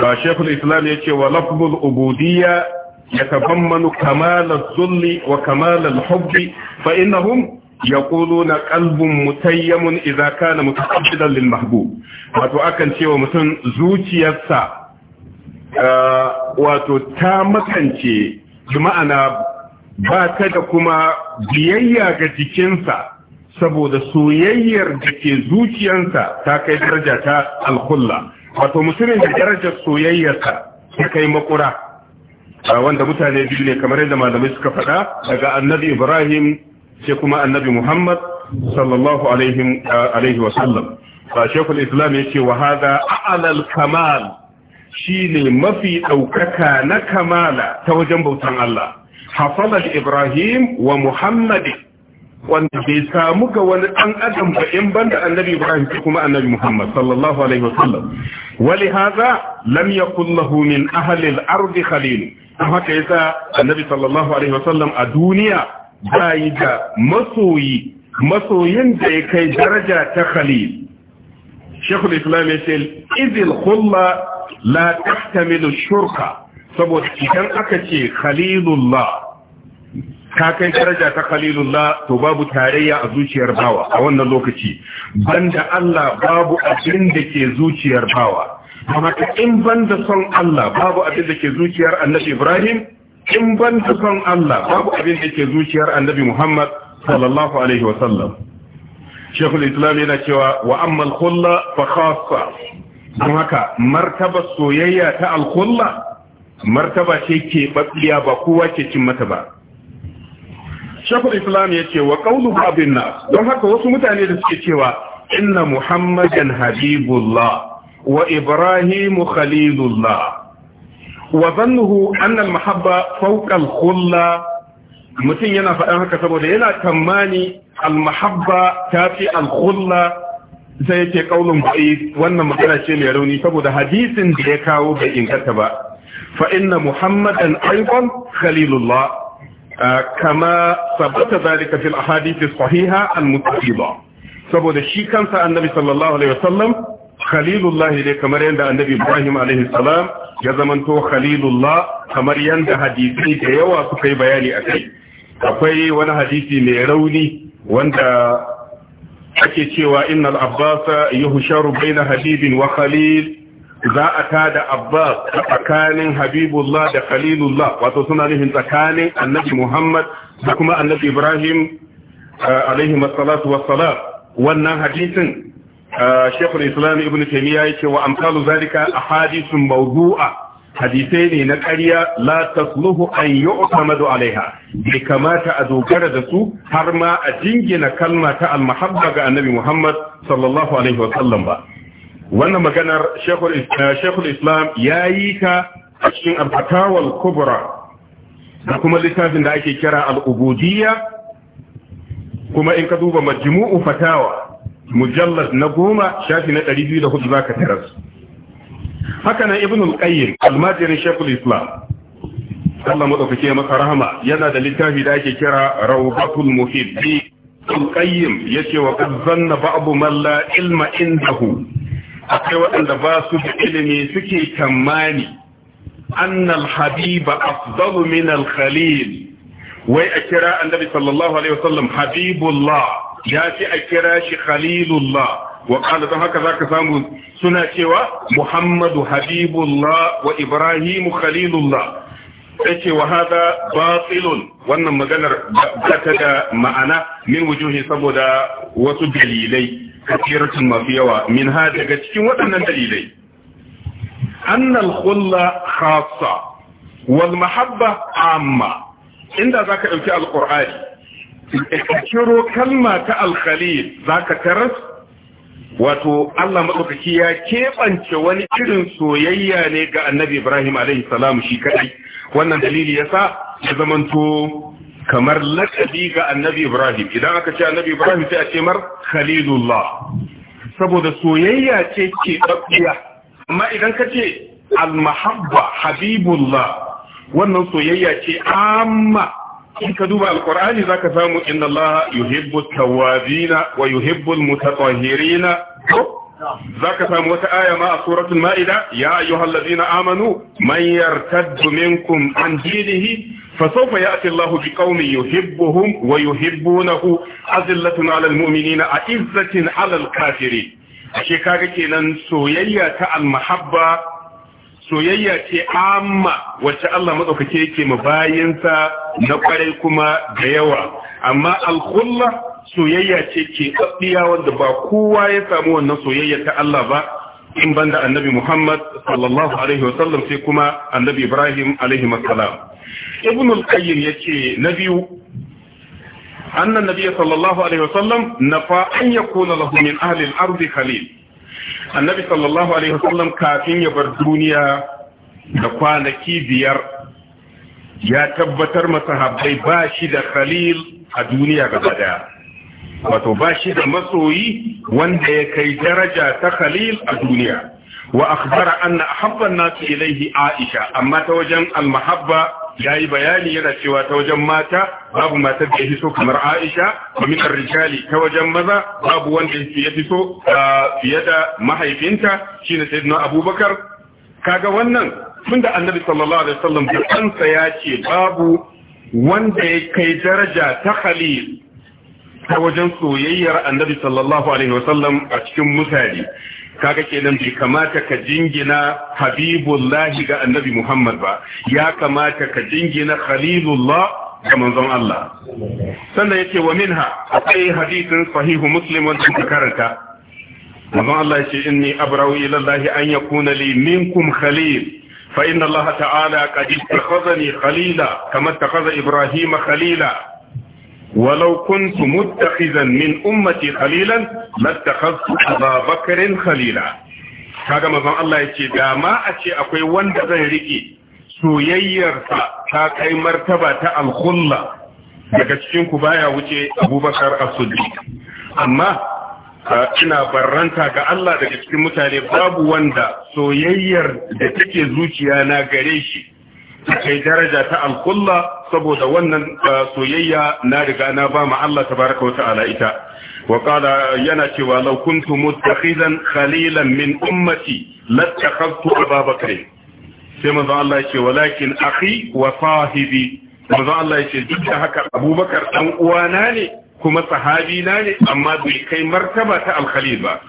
Speaker 1: da shaykhul islam yace wa lafzul ubudiyya يتضمن كمال الذل وكمال الحب فإنهم يقولون قلب متيم إذا كان متقبلا للمحبوب wato akan cewa mutum zuciyarsa wato ta makance ma'ana ba ta da kuma biyayya ga jikinsa saboda soyayyar da ke zuciyarsa ta kai daraja ta alkulla wato mutumin da darajar soyayyarsa ta kai maƙura. Ah, wanda mutane biyu ne kamar yadda malamai suka faɗa daga annabi ibrahim sai kuma annabi muhammad sallallahu alaihi ah, wa sallam fa shekul islam yace wa hada a'lal kamal shine mafi ɗaukaka na kamala ta wajen bautan Allah hafala ibrahim wa Muhammadin. wanda bai samu ga wani ɗan adam ba in banda annabi Ibrahim ko kuma annabi Muhammad sallallahu alaihi wasallam wali hadha lam yakul lahu min ahli al-ard khalil haka yasa annabi sallallahu alaihi wasallam a duniya bai da masoyi masoyin da ya kai daraja ta khalil shekul islam ya ce izil khulla la tahtamilu shurka saboda idan aka ce khalilullah ka kai daraja ta khalilullah to babu tarayya a zuciyar bawa a wannan lokaci banda Allah babu abin da ke zuciyar bawa amma in banda son Allah babu abin da ke zuciyar annabi Ibrahim in banda son Allah babu abin da ke zuciyar annabi Muhammad sallallahu alaihi wa sallam Sheikhul Islam yana cewa wa amma al-khulla fa khassa don haka martaba soyayya ta al-khulla martaba ce ke babbiya ba kowa ke cin mata ba shakul islam ya ce wa ƙaunu babin na don haka wasu mutane da suke cewa inna muhammadan habibullah wa ibrahimu khalilullah wa zannuhu annal mahabba fawqal khulla mutum yana faɗan haka saboda yana tamani al tafi al khulla sai yake kaulun ba'i wannan magana ce mai rauni saboda hadisin da ya kawo bai inganta ba fa inna muhammadan aidan khalilullah kama sabata zalika fil ahadith sahiha al mutaqida saboda shi kansa annabi sallallahu alaihi wasallam khalilullah ne kamar yadda annabi ibrahim alaihi ya zamanto khalilullah kamar yadda hadisi da yawa suka yi bayani akai akwai wani hadisi mai rauni wanda ake cewa innal abbasa yuhsharu baina habibin wa za a ta tada abbas tsakanin habibullah da khalilullah wato suna nufin tsakanin annabi muhammad da kuma annabi ibrahim eh, alaihi masalatu wassalam wannan hadisin eh, shekul islam ibn taimiyya ya ce wa amsalu zalika a hadisun mawdu'a hadisai ne na ƙarya la tasluhu an yi otamadu alaiha bai kamata a dogara da su har ma a jingina kalma ta almahabba ga annabi muhammad sallallahu alaihi wasallam ba wannan maganar shekul eh, islam ya yi ka a cikin alfatawar kubra da kuma littafin da ake kira al'ubudiyya kuma in ka duba majmu'u fatawa mujallar na goma shafi na 204 za ka taras haka na ibn al-qayyim almajirin shekul islam Allah maɗaukake masa rahama yana da littafi da ake kira raubatul muhibbi al-qayyim yace wa qad zanna ba'd man la ilma indahu akwai waɗanda ba su da ilimi suke tamani annal habiba afdalu min khalil wai a kira annabi sallallahu alaihi wasallam habibullah ya ce a kira shi khalilullah وقال don haka zaka samu suna cewa Muhammadu Habibullah wa Ibrahimu Khalilullah yace wa hada batilun wannan maganar ba ta da ma'ana min wujuhi saboda wasu dalilai kasiratun masu yawa min ha daga cikin waɗannan dalilai annal hulla khassa wal mahabba amma inda zaka dauki alqur'ani ka kiro kalma ta alkhalil zaka taras wato Allah madaukaki ya kebance wani irin soyayya ne ga annabi Ibrahim alaihi salam shi kadai wannan dalili yasa ya zamanto kamar lakabi ga annabi Ibrahim idan aka ce annabi Ibrahim sai a ce mar Khalilullah saboda soyayya ce ke ɗaɓɓiya amma idan ka ce al-mahabba habibullah wannan soyayya ce amma in ka duba alkur'ani zaka samu inna allaha yuhibbu tawabina wa yuhibbu almutatahhirina zaka samu wata aya ma a suratul maida ya ayyuhallazina amanu man yartadda minkum an dinihi فسوف يأتي الله بقوم يحبهم ويحبونه أذلة على المؤمنين أعزة على الكافرين ashe kaga kenan soyayya ta almahabba soyayya ce amma wacce Allah madaukake yake mu bayansa na kwarai kuma da yawa amma alkhulla soyayya ce ke tsaddiya wanda ba kowa ya samu wannan soyayya ta Allah ba in banda annabi Muhammad sallallahu alaihi wasallam sai kuma annabi Ibrahim alaihi salam ibn al-qayyim yace na biyu anna nabiyyi sallallahu alaihi wasallam nafa an yakuna lahu min ahli al-ard khalil annabi sallallahu alaihi wasallam kafin ya bar duniya da kwanaki biyar ya tabbatar masahabbai ba shi da khalil a duniya gaba daya wato ba shi da masoyi wanda ya kai daraja ta khalil a duniya wa akhbara anna ahabban nasu ilaihi aisha amma ta wajen almahabba ya yi bayani yana cewa ta wajen mata babu matar da ya fi so kamar aisha maminar rijali ta wajen maza babu wanda ya fi so ah, fiye da mahaifinta shi ne sayyidina abubakar kaga wannan tun da annabi sallallahu alaihi wasallam da kansa ya ce babu wanda ya kai daraja ta khalil ta wajen soyayyar annabi sallallahu alaihi wasallam a cikin mutane kaga kenan bai kamata ka jingina habibullahi ga annabi muhammad ba ya kamata ka jingina khalilullah ga manzon Allah sannan yake wa minha akwai hadisin sahihu muslim wanda muka karanta manzon Allah yace inni abrau ila Allah an yakuna li minkum khalil fa inna Allah ta'ala qad ittakhadhani khalila kama ittakhadha Ibrahim khalila ولو كنت متخذا من أمتي خليلا لاتخذت أبا بكر خليلا kaga mazan Allah ya ce da ma a ce akwai wanda zan riƙe soyayyarsa ta kai martaba ta alkhulla daga cikin ku baya wuce abubakar a siddiq amma ina barranta ga Allah daga cikin mutane babu wanda soyayyar da take zuciya na gare shi ta kai daraja ta alkhulla saboda wannan uh, soyayya na riga na ba ma Allah tabaraka wa ta'ala ita wa qala yana cewa law kuntu muttakhidan khalilan min ummati lattakhadtu ababakar sai manzo Allah ya ce walakin akhi wa sahibi manzo Allah ya ce duk da haka abubakar dan uwana ne kuma sahabi na ne amma bai kai martaba ta al-khalil ba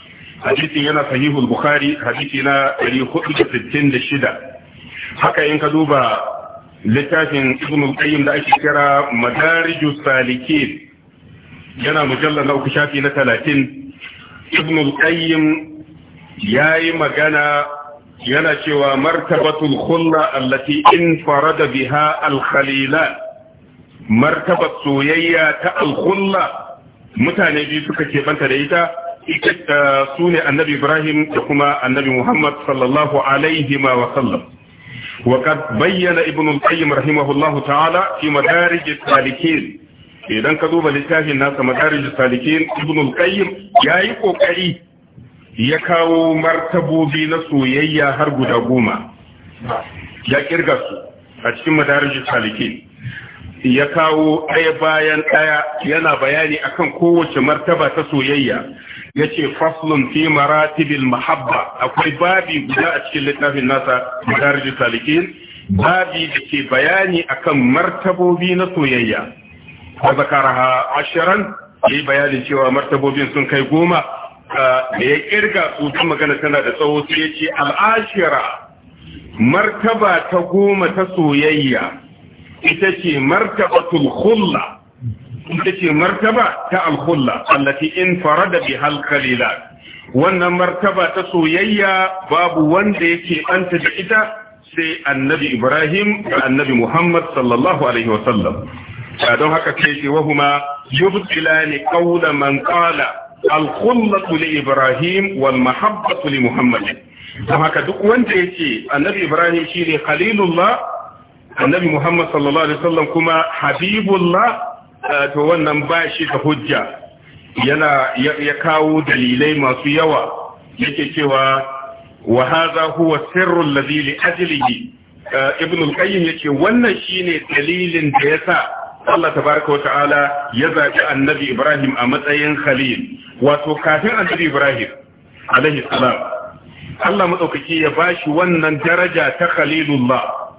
Speaker 1: hadisin yana sahihul bukhari hadisi na 466 haka in ka duba littafin ibn al-qayyim da ake kira madarijus salikin yana mujalla na uku shafi na talatin ibn al-qayyim yayi magana yana cewa martabatul khulla allati infarada biha al khalila martabat soyayya ta al-khulla mutane biyu suka keɓanta da ita ita eh, su ne annabi ibrahim da kuma annabi muhammad sallallahu alaihi wa sallam وقد bayyana ابن القيم رحمه الله تعالى في مدارج السالكين idan ka duba littafin nasa madarijin salikin ibn al-qayyim yayi ƙoƙari. ya kawo martabobi na soyayya har guda goma ya ƙirga su a cikin madarijin salikin ya kawo ɗaya bayan ɗaya yana bayani akan kowace martaba ta soyayya ya ce faslun fi maratibil mahabba akwai babi guda a cikin littafin nasa madarij salikin babi da ke bayani akan martabobi na soyayya wa zakaraha ya yi bayanin cewa martabobin sun kai goma da ya kirga su ta magana tana da tsawo sai ya ce al'ashira martaba ta goma ta soyayya ita ce martabatul khulla ita ce martaba ta alkhulla allati in farada bi halqalila wannan martaba ta soyayya babu wanda yake anta da ita sai annabi Ibrahim da annabi Muhammad sallallahu alaihi wa sallam don haka sai ce wahuma yubtilani qawla man qala al-khullatu li Ibrahim wal mahabbatu li Muhammad don haka duk wanda yake annabi Ibrahim shine khalilullah annabi Muhammad sallallahu alaihi wa sallam kuma habibullah Eh, to wannan ba shi da hujja yana ya kawo dalilai masu yawa yake cewa wa hadha huwa sirrul ladhi li ajlihi eh, ibn al-qayyim yace wannan shine dalilin da yasa Allah tabaraka wa ta'ala ya zaɓi annabi Ibrahim a matsayin khalil wato kafin annabi Ibrahim alaihi salam Allah madaukaki ya bashi wannan daraja ta khalilullah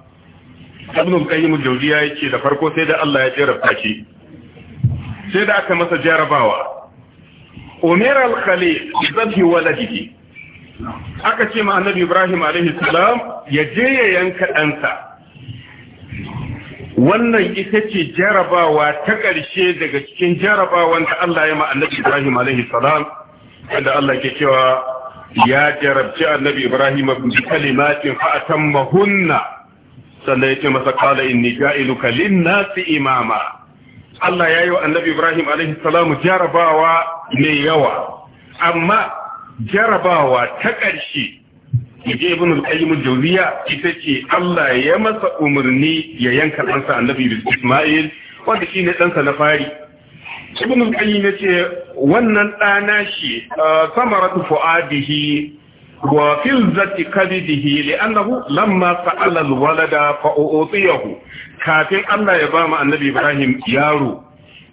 Speaker 1: ibn al-qayyim al-jawziya yace da farko sai da Allah ya jarabta shi sai da aka masa jarabawa umar al-khalil zabi waladihi aka ce ma annabi ibrahim alaihi salam ya je ya yanka ɗansa wannan ita ce jarabawa ta ƙarshe daga cikin jarabawan da Allah ya ma annabi ibrahim alaihi salam wanda Allah ke cewa ya jarabci annabi ibrahim bi kalimatin fa atammahunna sannan ce masa qala inni ja'iluka lin-nasi imama Allah ya yi wa annabi Ibrahim alaihi salamu jarabawa mai yawa amma jarabawa ta ƙarshe yake ibn al-qayyim jawziya ita ce Allah ya masa umarni ya yanka ɗansa annabi Isma'il wanda shine ɗansa na fari ibn al-qayyim yace wannan ɗana shi uh, samaratu fuadihi wa filzati kabidihi li'annahu lamma sa'ala alwalada fa u'tiyahu kafin Allah ya ba mu annabi Ibrahim yaro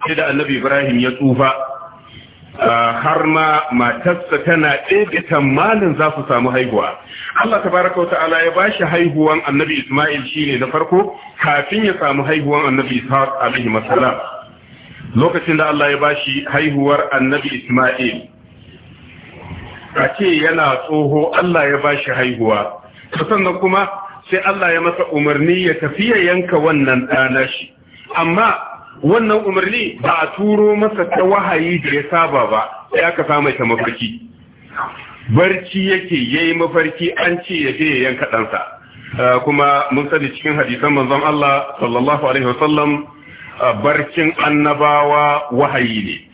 Speaker 1: sai annabi Ibrahim ya tsufa ah, har ma matarsa tana ɗebe tamanin za su samu haihuwa Allah tabaraka wa ta'ala ya ba shi haihuwan annabi Ismail shine na farko kafin ya samu haihuwan annabi Isma'il, alaihi salam lokacin da Allah ya ba shi haihuwar annabi Ismail a ce yana tsoho Allah ya bashi haihuwa sannan kuma sai Allah ya masa umarni ya tafi ya yanka wannan ɗana shi amma wannan umarni ba a turo masa ta wahayi da ya saba ba sai aka mai ta mafarki barci yake yayi mafarki an ce ya je ya yanka ɗansa ah, kuma mun sani cikin hadisan manzon Allah sallallahu alaihi wasallam ah, barkin annabawa wahayi ne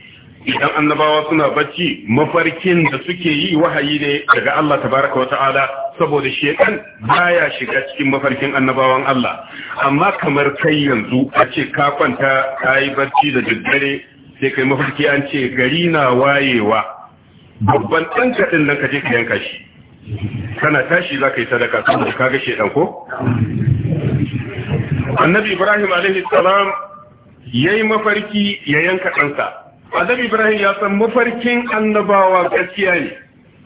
Speaker 1: idan annabawa suna bacci mafarkin da suke yi wahayi ne daga Allah tabaraka wata'ala saboda shekan baya shiga cikin mafarkin annabawan Allah amma kamar kai yanzu a ce ka kwanta kayi barci da daddare sai kai mafarki an ce gari na wayewa babban ɗan kaɗin nan ka je ka yanka shi kana tashi za ka yi sadaka ka ga shekan ko annabi ibrahim alaihi salam yayi mafarki ya yanka ɗansa Adam ibrahim ya san mafarkin annabawa gaskiya ne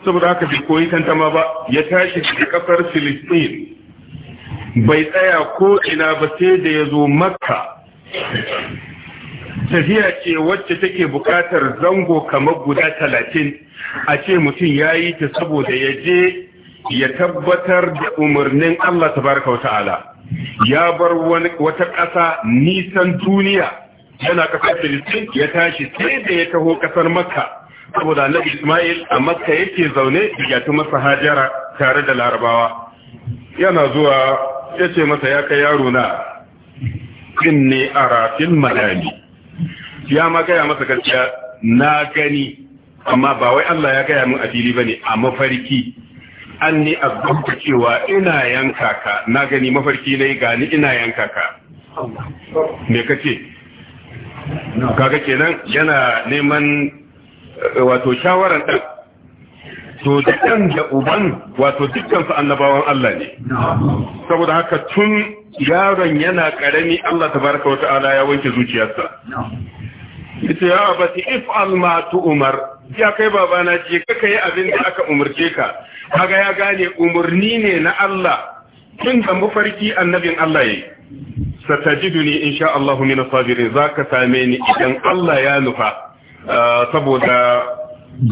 Speaker 1: saboda haka bai koyi tantama ba ya tashi daga kafar filistin bai tsaya ko ina ba sai da ya zo makka tafiya ce wacce take buƙatar zango kamar guda talatin a ce mutum ya yi ta saboda ya je ya tabbatar da umarnin Allah ta wa ta'ala ya bar wata ƙasa nisan duniya yana kasar filistin ya tashi sai da ya taho kasar makka saboda annabi ismail a makka yake zaune bigatu masa hajara tare da larabawa yana zuwa ya ce masa ya kai yaro na ne a rafin malami ya ma gaya masa gaskiya na gani amma ba wai Allah ya gaya min a fili ne. a mafarki an a azzabta cewa ina yanka ka na gani mafarki na yi gani ina yanka ka me kace kaga kenan yana neman eh, wato shawaran ɗan to dukkan da uban wato dukkan su annabawan Allah ne saboda haka tun yaron yana karami Allah tabaraka wa ta'ala ya wanke zuciyarsa ita ya abati if'al ma umar ya kai babana je ka kai abin da aka umurce ka kaga ya gane umarni ne na Allah tun da mafarki annabin Allah yayi satajiduni insha Allah min as-sabirin zaka same ni idan Allah ya nufa ah, saboda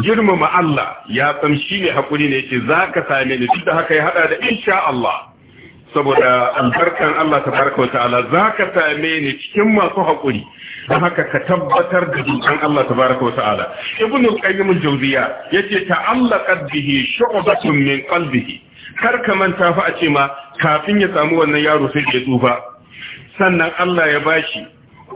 Speaker 1: girmama Allah ya tsamshi ne hakuri ne yace zaka same ni duk da haka ya hada da insha Allah saboda albarkan Allah tabaraka wataala zaka same ni cikin masu hakuri don haka ka tabbatar da dukan Allah tabaraka wataala ibn al-qayyim al-jawziya yace ta'allaqat bihi shu'batun min qalbihi kar ka manta fa a ce ma kafin ya samu wannan yaro sai ya tsufa sannan Allah ya bashi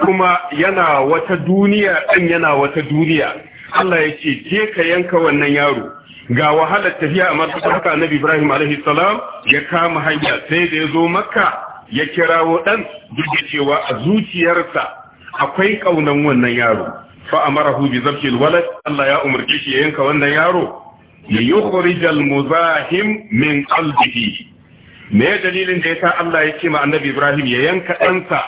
Speaker 1: kuma yana wata duniya ɗan yana wata duniya Allah ya ce je ka yanka wannan yaro ga wahalar tafiya a masu haka annabi Ibrahim salam ya kama hanya sai da ya zo makka ya kirawo ɗan duk da cewa a zuciyarsa akwai ƙaunan wannan yaro fa amarahu bi zabtil walad Allah ya umarci shi ya yanka wannan yaro li yukhrij muzahim min qalbihi me dalilin da yasa Allah ya ce ma annabi Ibrahim ya yanka ɗansa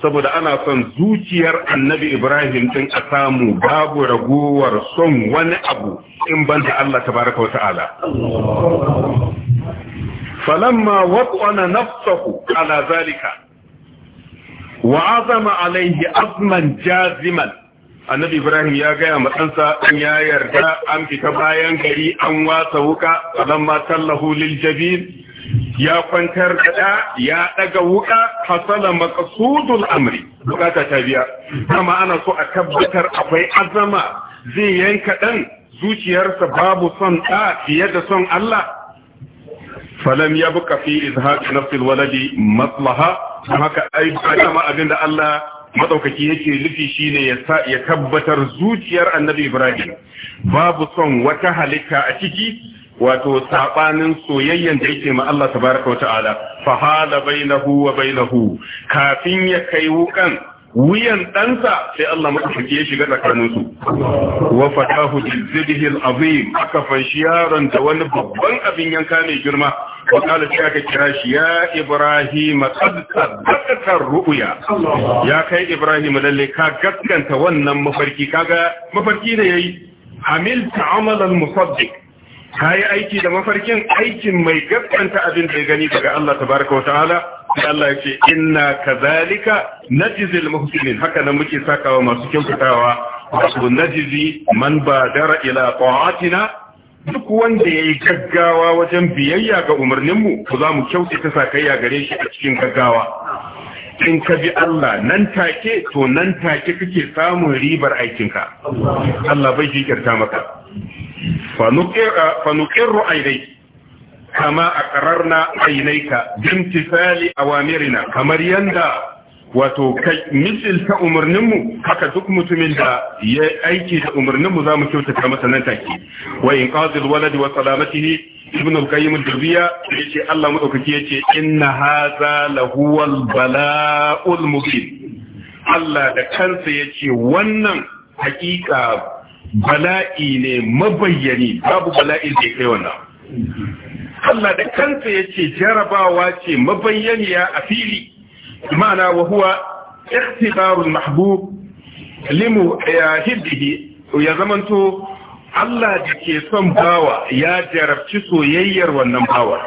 Speaker 1: saboda ana son zuciyar annabi Ibrahim din a samu babu ragowar son wani abu in banta Allah tabaraka wata'ala falamma wad'ana nafsahu ala zalika wa azama alaihi azman jaziman annabi ibrahim ya gaya matsansa an ya yarda an fita bayan gari an wasa wuka falamma tallahu lil jabin ya kwantar da ɗa ya ɗaga wuƙa hasala makasudul amri bukata ta biya amma ana so a tabbatar akwai azama zai yanka ɗan zuciyarsa babu son ɗa fiye da son Allah falam ya buka fi izhaq nafsil waladi maslaha haka ai ba abin da Allah madaukaki yake nufi shine ya tabbatar zuciyar annabi ibrahim babu son wata halitta a ciki wato saɓanin soyayyen da yake ma Allah tabaraka wata'ala fa hada bainahu wa bainahu kafin ya kai wukan wuyan ɗansa sai Allah maɗaukaki ya shiga tsakaninsu wa fatahu jizzidhi al-azim aka fanshi yaron da wani babban abin yanka mai girma wa kala sai aka kira shi ya Ibrahim qad saddaqta ru'ya ya kai Ibrahim lalle ka gaskanta wannan mafarki kaga mafarki da yayi hamilta amalan musaddiq ka yi aiki da mafarkin aikin mai gaskanta abin da ya gani daga Allah tabaraka wa ta'ala sai Allah ya ce inna kazalika najzil muhsinin haka nan muke sakawa masu kyautatawa na najzi man badara ila ta'atina duk wanda yayi gaggawa wajen biyayya ga umarninmu ku za mu kyautata sakayya gare shi a cikin gaggawa in ka bi Allah nan take to nan take kake samun ribar aikinka Allah bai jikirta maka fanuƙirru ainai kama a ƙararna ainaika bimtifali awamirina kamar yadda wato kai misilta umarninmu haka duk mutumin da ya aiki da umarninmu za mu kyautata masa nan take wa in qadil waladi wa salamatihi ibn al-qayyim al-jawziya yace Allah madaukaki yace inna hadha lahu balaul mubin Allah da kansa yace wannan hakika bala'i ne mabayyani babu bala'i da ya kai wannan Allah da kansa ya ce jarabawa ce mabayyaniya a fili ma'ana wa huwa ikhtibarul mahbub limu hibbihi ya zamanto Allah da ke son bawa ya jarabci soyayyar wannan bawa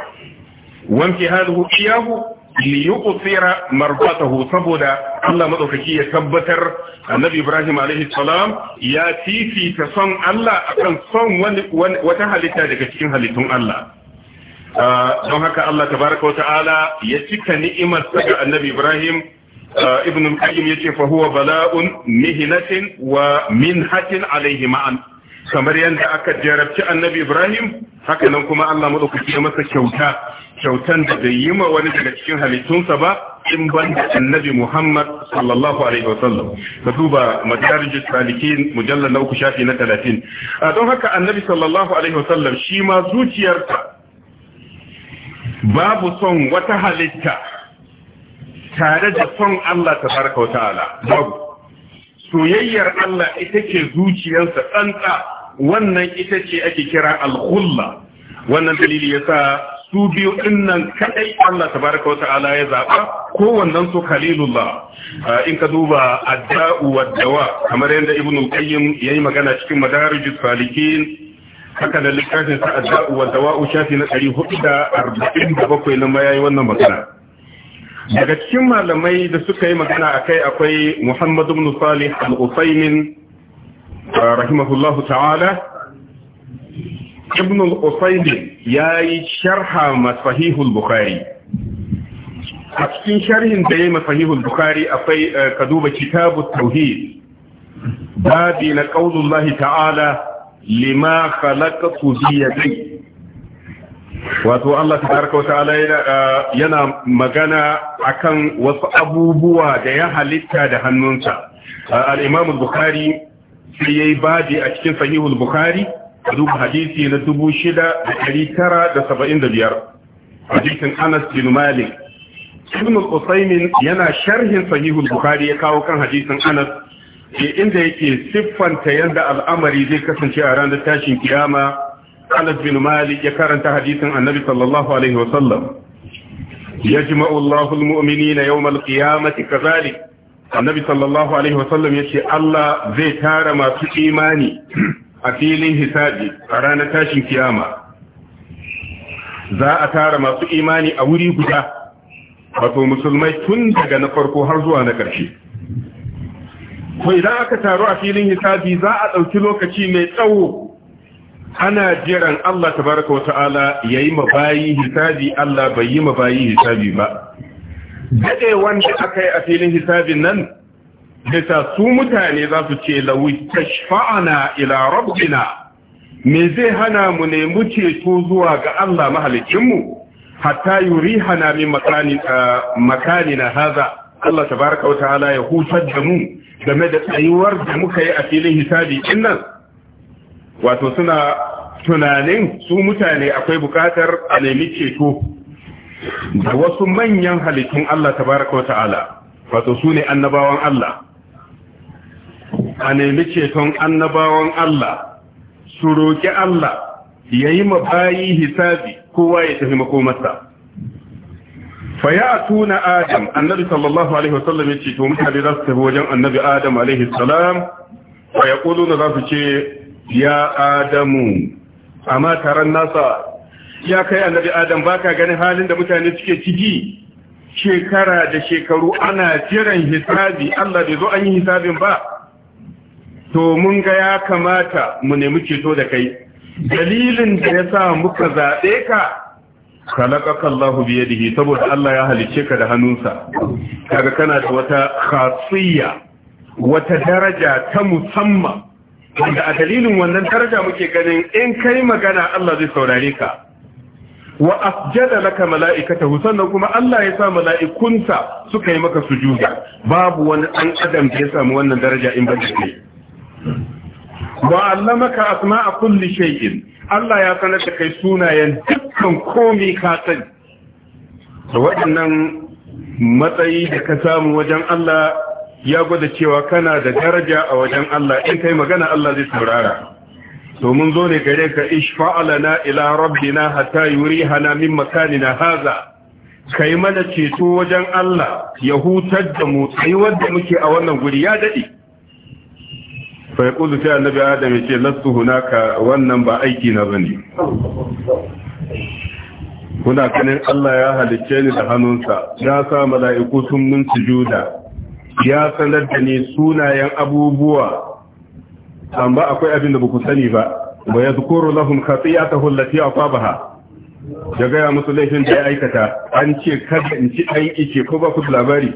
Speaker 1: wanke halu iyahu liyuqsira marbatahu saboda Allah madaukaki ya tabbatar annabi Ibrahim alaihi salam ya fifita son Allah akan son wani wata halitta daga cikin halittun Allah ah, don haka Allah tabaraka wa ya cika ni'imar saka annabi Ibrahim ah, ibn al-qayyim yace fa huwa bala'un mihnatin wa minhatin alaihi ma'an kamar yadda aka jarabci annabi Ibrahim haka nan kuma Allah madaukaki ya masa kyauta kyautan da bai yi ma wani daga cikin halittunsa ba in ban da annabi Muhammad sallallahu alaihi wasallam ka duba madarijus salikin mujallar na uku shafi na talatin don haka annabi sallallahu alaihi wasallam shi ma zuciyarsa babu son wata halitta tare da son Allah tabaraka wa ta'ala babu soyayyar Allah ita ce zuciyarsa tsantsa wannan ita ce ake kira al-khulla wannan dalili sa. su biyu din nan kadai Allah tabaraka wa ta'ala ya zaba wannan su khalilullah ah, in ka duba adda'u wa dawa kamar yadda ibnu qayyim yayi magana cikin madarijus salikin haka da littafin sa adda'u wa dawa shafi na 447 na mai yayi wannan magana daga cikin malamai da suka yi magana akai akwai Muhammad ibn Salih al-Usaymin ah, rahimahullahu ta'ala ibn al ya yayi sharha ma sahihul bukhari a cikin sharhin da ya yi sahihul bukhari akwai eh, ka duba kitabu tauhid babi na ƙaunullahi ta'ala lima khalaqtu bi yadi wato Allah tabaraka wa ta'ala eh, yana magana akan wasu abubuwa da ya halitta da hannunsa eh, al imamul al-Bukhari ya yi babi a cikin sahihul al-Bukhari duk hadisi na 6975 hadisin Anas bin Malik Ibn al yana sharhin sahihul Bukhari ya kawo kan hadisin Anas inda yake siffanta yadda al'amari zai kasance a ranar tashin kiyama Anas bin Malik ya karanta hadisin Annabi sallallahu alaihi sallam. Ya Allahu al-mu'minina yawm qiyamati kadhalik Annabi sallallahu alaihi wasallam yace Allah zai tara masu imani a filin hisabi a ranar tashin kiyama za a tara masu imani a wuri guda wato musulmai tun daga na farko har zuwa na ƙarshe ko idan aka taru a filin hisabi za a ɗauki lokaci mai tsawo ana jiran Allah tabaraka wata'ala ya yi mabayi hisabi Allah bai yi mabayi hisabi ba daɗe wanda aka yi a filin hisabin nan bisa su mutane za su ce lawi tashfa'ana ila rabbina me zai hana mu nemi ceto zuwa ga Allah mahalicinmu hatta hana min makani na haza Allah tabaraka wa ta'ala ya hutar da mu game da tsayuwar da muka yi a filin hisabi din nan wato suna tunanin su mutane akwai bukatar a nemi ceto da wasu manyan halittun Allah tabaraka wa ta'ala wato su ne annabawan Allah a nemi ceton annabawan Allah su roƙi Allah ya yi bayi hisabi kowa ya tafi makomarsa faya tuna adam annabi sallallahu alaihi wasallam ya ce to mutane za su tafi wajen annabi adam alaihi salam faya ƙulu za su ce ya adamu amma taron nasa ya kai annabi adam baka ganin halin da mutane suke ciki shekara da shekaru ana jiran hisabi Allah bai zo an yi hisabin ba to mun ga ya kamata mu nemi ceto da kai dalilin da ya sa muka zaɓe ka khalaqaka Allahu bi saboda Allah ya halicce ka da hannunsa kaga kana da wata khasiyya wata daraja ta musamman wanda a dalilin wannan daraja muke ganin in kai magana Allah zai saurare ka wa asjada laka mala'ikata sannan kuma Allah ya sa mala'ikunsa suka yi maka sujuda babu wani ɗan adam da ya samu wannan daraja in ba kai wa allamaka a kulli shay'in Allah ya sanar da kai sunayen dukkan komai ka sani da waɗannan matsayi da ka samu wajen Allah ya gwada cewa kana da daraja a wajen Allah in kai magana Allah zai saurara domin zo ne gare ka ishfa'alana ila rabbina hatta yurihana min makanina haza kai mana ceto wajen Allah ya hutar da mu tsayuwar da muke a wannan guri ya dade fa yaqulu sai annabi adam yace lastu hunaka wannan ba aiki na bane kuna kanin Allah ya halicce ni da hannunsa ya sa mala'iku sun mun sujuda ya sanar da ni sunayen abubuwa amma akwai abin da baku sani ba wa yadhkuru lahum khati'atahu allati asabaha ya ga ya musu laifin da ya aikata an ce kada in ci aiki ce, ko ba ku labari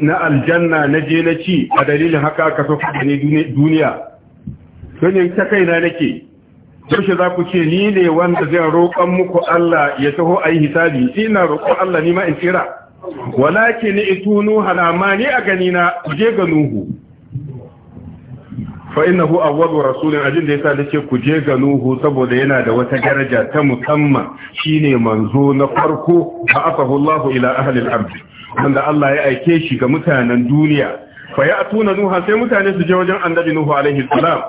Speaker 1: na aljanna na je na ci a dalilin haka aka so da ne duniya yin ta kaina nake yaushe za ku ce ni ne wanda zai roƙon muku Allah ya taho a yi hisabi ina roƙon Allah ni ma in tsira walakin itunu halama ni a gani na je ga nuhu fa innahu awwalu rasulin ajin da yasa ce ku je ga nuhu saboda yana da wata daraja ta musamman shine manzo na farko fa asahu Allah ila ahli al-ardh wanda Allah ya aike shi ga mutanen duniya fa ya atuna nuha sai mutane su je wajen annabi nuhu alaihi salam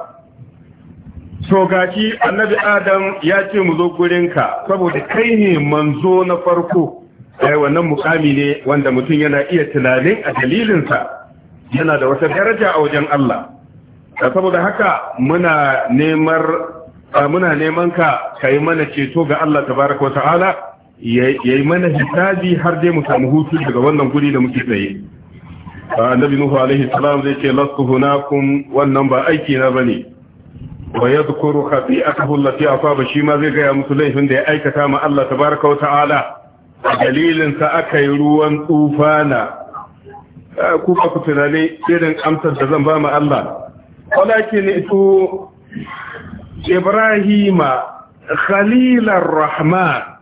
Speaker 1: so gashi annabi adam ya ce mu zo gurinka saboda kai ne manzo na farko ai wannan mukami ne wanda mutum yana iya tunanin a dalilinsa yana da wata daraja a wajen Allah saboda haka muna neman muna neman ka kai mana ceto ga Allah tabaraka wa ta'ala yayi mana hisabi har dai mu samu hutu daga wannan guri da muke tsaye annabi nuhu alaihi salam zai ce lastu hunakum wannan ba aiki na bane wa yadhkuru khati'atahu allati asaba shi ma zai ga musu laifin da ya aikata ma Allah tabaaraka wa ta'ala dalilin sa akai ruwan tsufana ku ba ku tunane irin amsar da zan ba ma Allah walakin ito Ibrahima khalilar rahman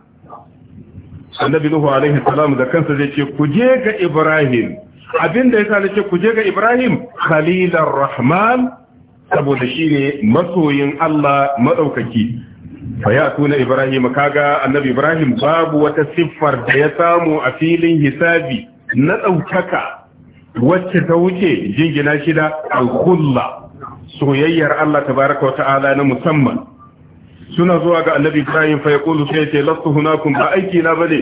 Speaker 1: annabi nuhu alaihi salam da kansa zai ce ku je ga ibrahim abinda yasa ce ku je ga ibrahim khalilar rahman saboda shine masoyin Allah madaukaki tuna ibrahim kaga annabi ibrahim babu wata siffar da ya samu a filin hisabi na daukaka wacce ta wuce jingina shida al-khulla soyayyar Allah tabaraka wa ta'ala na musamman suna zuwa ga annabi Ibrahim fa yaqulu sai ce lastu hunakum ba aiki na bane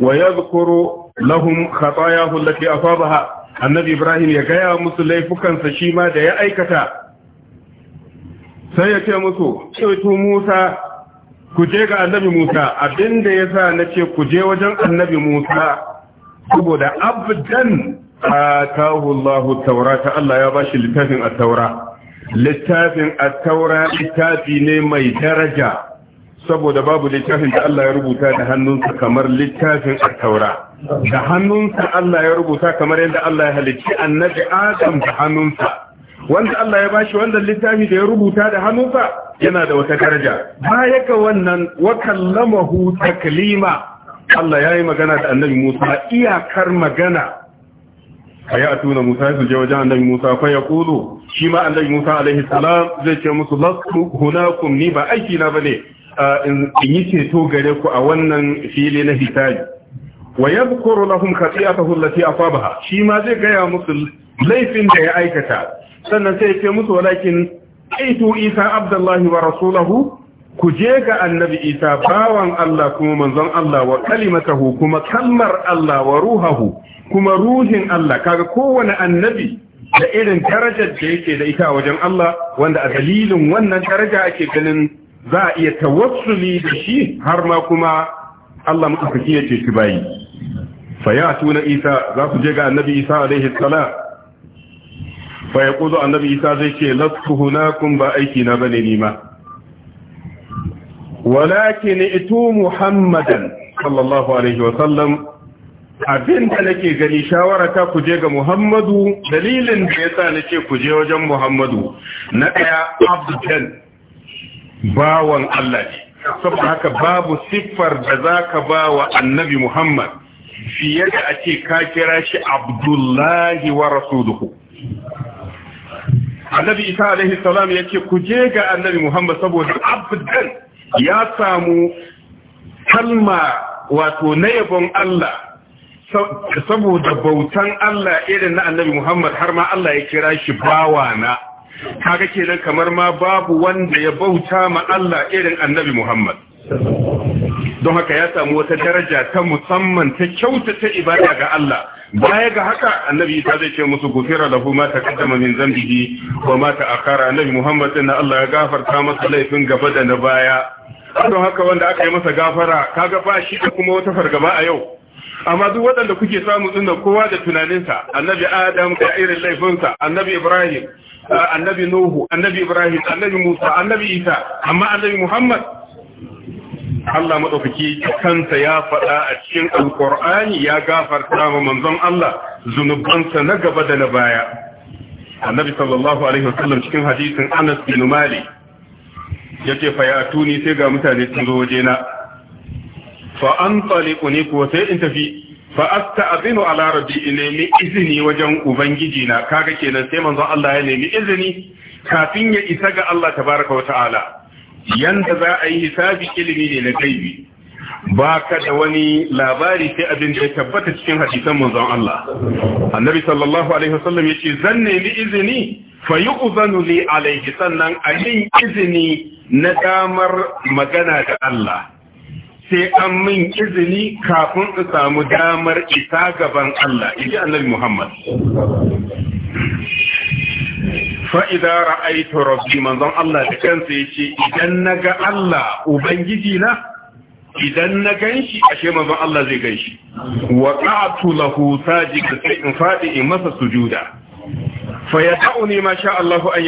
Speaker 1: wa yadhkuru lahum khatayahu allati asabaha annabi Ibrahim ya gaya musu laifukansa shi ma da ya aikata sai ya ce musu ceto Musa ku je ga annabi Musa abinda yasa nace ku je wajen annabi Musa saboda abdan atahu taura, ta Allah ya bashi littafin at-taura littafin attaura littafi ne mai daraja saboda babu littafin da Allah ya rubuta da hannunsa kamar littafin attaura da hannunsa Allah ya rubuta kamar yadda Allah ya halicci annabi Adam da hannunsa wanda Allah ya bashi wannan littafi da ya rubuta da hannunsa yana da wata daraja baya ga wannan wa kallamahu taklima Allah ya yi magana da annabi Musa iyakar magana fa ya tuna musa su je wajen annabi musa fa ya kulu shi ma annabi musa alaihi salam zai ce musu lastu hunakum ni ba aiki na ne. in yi ceto gare ku a wannan fili na hisabi wa yadhkuru lahum khati'atahu a asabaha shi ma zai gaya musu laifin da ya aikata sannan sai ya ce musu walakin kaitu isa abdullahi wa rasulahu ku je ga annabi isa bawan Allah kuma manzon Allah wa kalimatahu kuma kalmar Allah wa ruhahu kuma ruhin Allah kaga kowane annabi da irin darajar da yake da ita wajen Allah wanda a dalilin wannan daraja ake ganin za a iya tawassuli da shi har ma kuma Allah madaukaki ya ce shi bayi fa ya tuna isa za ku je ga annabi isa alaihi salam fa yaqulu annabi isa zai ce lastu hunakum ba aiki na bane ni ma walakin ito muhammadan sallallahu alaihi wasallam abin abinda nake gani shawarata ku kuje ga muhammadu dalilin da ya sa nake kuje wajen muhammadu na ɗaya abdan bawan Allah ne saboda haka babu siffar da za ka ba wa annabi muhammad fiye da ce ka kira shi abdullahi wa rasuluhu annabi isa alaihi salam yake kuje ga annabi muhammad saboda abdan ya samu kalma wato na yabon Allah saboda bautan Allah irin na annabi Muhammad har ma Allah ya kira shi bawa bawana kaga kenan kamar ma babu wanda ya bauta ma Allah irin annabi Muhammad don haka ya samu wata daraja ta musamman ta kyautata ibada ga Allah baya ga haka annabi ta zai ce musu gufira lahu ma taqaddama min zambihi wa ma ta'akhara annabi Muhammad din Allah ya gafarta masa laifin gaba da na baya don haka wanda aka yi masa gafara kaga ba shi da kuma wata fargaba a yau amma duk waɗanda kuke samu din kowa da tunaninsa annabi Adam da irin laifinsa annabi Ibrahim annabi Nuhu annabi Ibrahim annabi Musa annabi Isa amma annabi Muhammad Allah maɗaukaki kansa ya faɗa a cikin Alƙur'ani, ya gafarta wa manzon Allah zunubansa na gaba da na baya annabi sallallahu alaihi wasallam cikin hadisin Anas bin Malik yace fa ya tuni sai ga mutane sun zo waje na fa antaliqu ni ko sai in tafi fa azinu ala rabbi ilmi izini wajen ubangiji na kaga kenan sai manzon Allah ya nemi izini kafin ya isa ga Allah tabaraka wa ta'ala yanda za a yi hisabi ilimi ne na gaibi ba ka da wani labari sai abin da ya tabbata cikin hadisan manzon Allah annabi sallallahu alaihi wasallam yace zan nemi izini fa yu'zanu li alaihi sannan a yin izini na damar magana da Allah sai an min izini kafin in samu damar isa gaban Allah inji annabi Muhammad fa'ida ra'aitu rabbi manzon Allah da kansa ya ce idan na ga Allah Ubangiji na idan na ganshi ashe manzon Allah zai ganshi wa ƙatu lahu saji da sai in faɗi in masa sujuda fa ya da'u ne ma sha Allahu an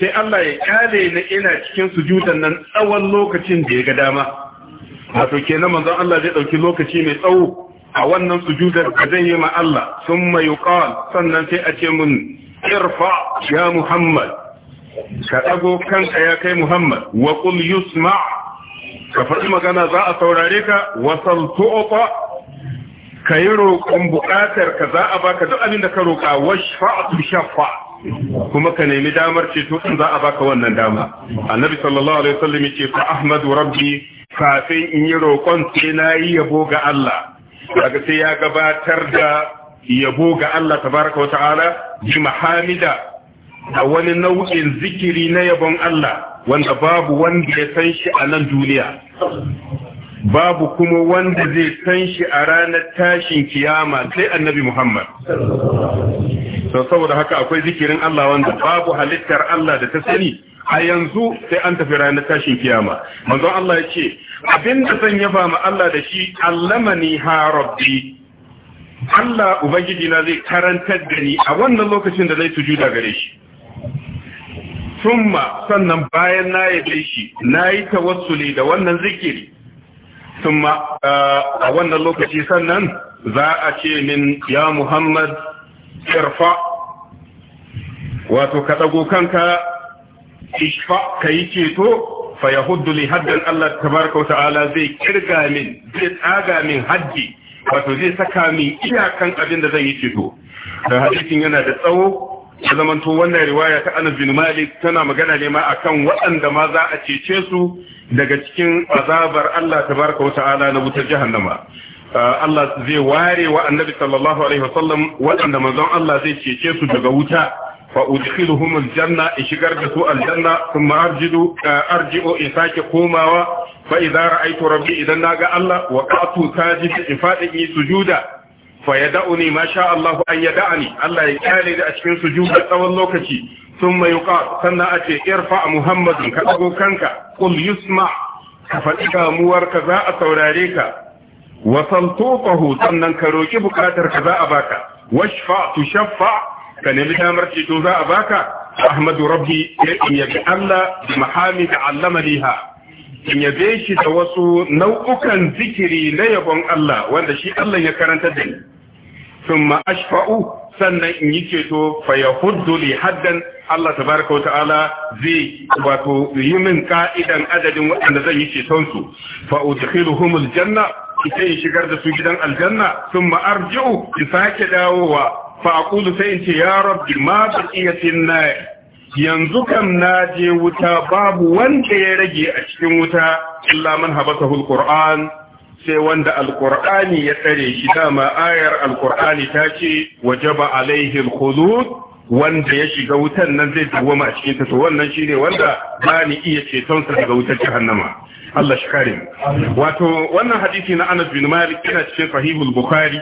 Speaker 1: sai Allah ya ƙyale na ina cikin sujudan nan tsawon lokacin da ya ga dama wato kenan manzon Allah zai ɗauki lokaci mai tsawo a wannan sujudar ka zai yi ma Allah sun mai yuqal sannan sai a ce mun irfa ya Muhammad ka ɗago kanka ya kai Muhammad wa qul yusma ka faɗi magana za a saurare ka wasal tu'ta ka yi roƙon buƙatar ka za a baka duk abin da ka roƙa washfa'atu shafa' kuma ka nemi damar ceto in za a baka wannan dama annabi sallallahu alaihi wasallam yace fa ahmadu rabbi kafin in yi roƙon sai na yi yabo ga Allah daga sai ya gabatar da yabo ga Allah tabaraka wa ta'ala bi mahamida da wani nau'in zikiri na yabon Allah wanda babu wanda ya san shi a nan duniya babu kuma wanda zai san shi a ranar tashin kiyama sai annabi Muhammad Don saboda haka akwai zikirin Allah wanda babu halittar Allah da ta sani a yanzu sai an tafi ranar tashin kiyama manzon Allah ya ce abinda zan yaba ma Allah da shi allamani ha rabbi Allah ubangiji na zai karantar da ni a wannan lokacin da zai sujuda gare shi summa sannan bayan na yabe shi nayi tawassuli da wannan zikiri summa uh, a wannan lokaci sannan za a ce min ya Muhammad irfa wato ka dago kanka ishfa yi ceto fa hudu li haddan Allah tabaraka wa ta'ala zai kirga min zai tsaga min haddi wato zai saka min iyakan abin da zan yi ceto da hadisin yana da tsawo ya zamanto wannan riwaya ta Anas bin Malik tana magana ne ma akan waɗanda ma za a cece su daga cikin azabar Allah tabaraka ta'ala na wutar jahannama Allah zai ware wa annabi sallallahu alaihi wasallam waɗanda manzon Allah zai cece su daga wuta fa udkhiluhum aljanna shigar da su aljanna thumma arjidu arji'u in sake komawa fa idza ra'aytu rabbi idan naga Allah wa qatu sajid in fadi sujuda fa yad'uni ma sha Allah an yad'ani Allah ya kare da a cikin sujuda tsawon lokaci thumma yuqa sannan a ce irfa muhammadin ka dago kanka qul yusma ka faɗi damuwarka za a saurare ka Wasan santuqahu sannan ka roki bukatar ka za a baka washfa tushaffa ka nemi damar ceto za a baka ahmadu rabbi in yabi Allah bi mahamid allama liha in yabe shi da wasu nau'ukan zikiri na yabon Allah wanda shi Allah ya karanta da ni thumma ashfa'u sannan in yi ceto fa yahuddu li haddan Allah tabaraka wata'ala zai wato yi min ka'idan adadin waɗanda zan yi ceton su fa udkhiluhumul janna sai in shigar da su gidan aljanna sun ma'arji'u in sake dawowa fa'akulu sai in ce ya rabbi ma baqiyatin nar yanzu kam na je wuta babu wanda ya rage a cikin wuta illa man habasahu sai wanda Alkur'ani ya tsare shi dama ayar Alkur'ani ta ce wajaba alaihi alkhulud wanda ya shiga wutan nan zai dawoma a cikin ta to wannan shine wanda bani iya ceton sa daga wutar jahannama Allah karim wato wannan hadisi na Anas bin Malik yana cikin sahihul Bukhari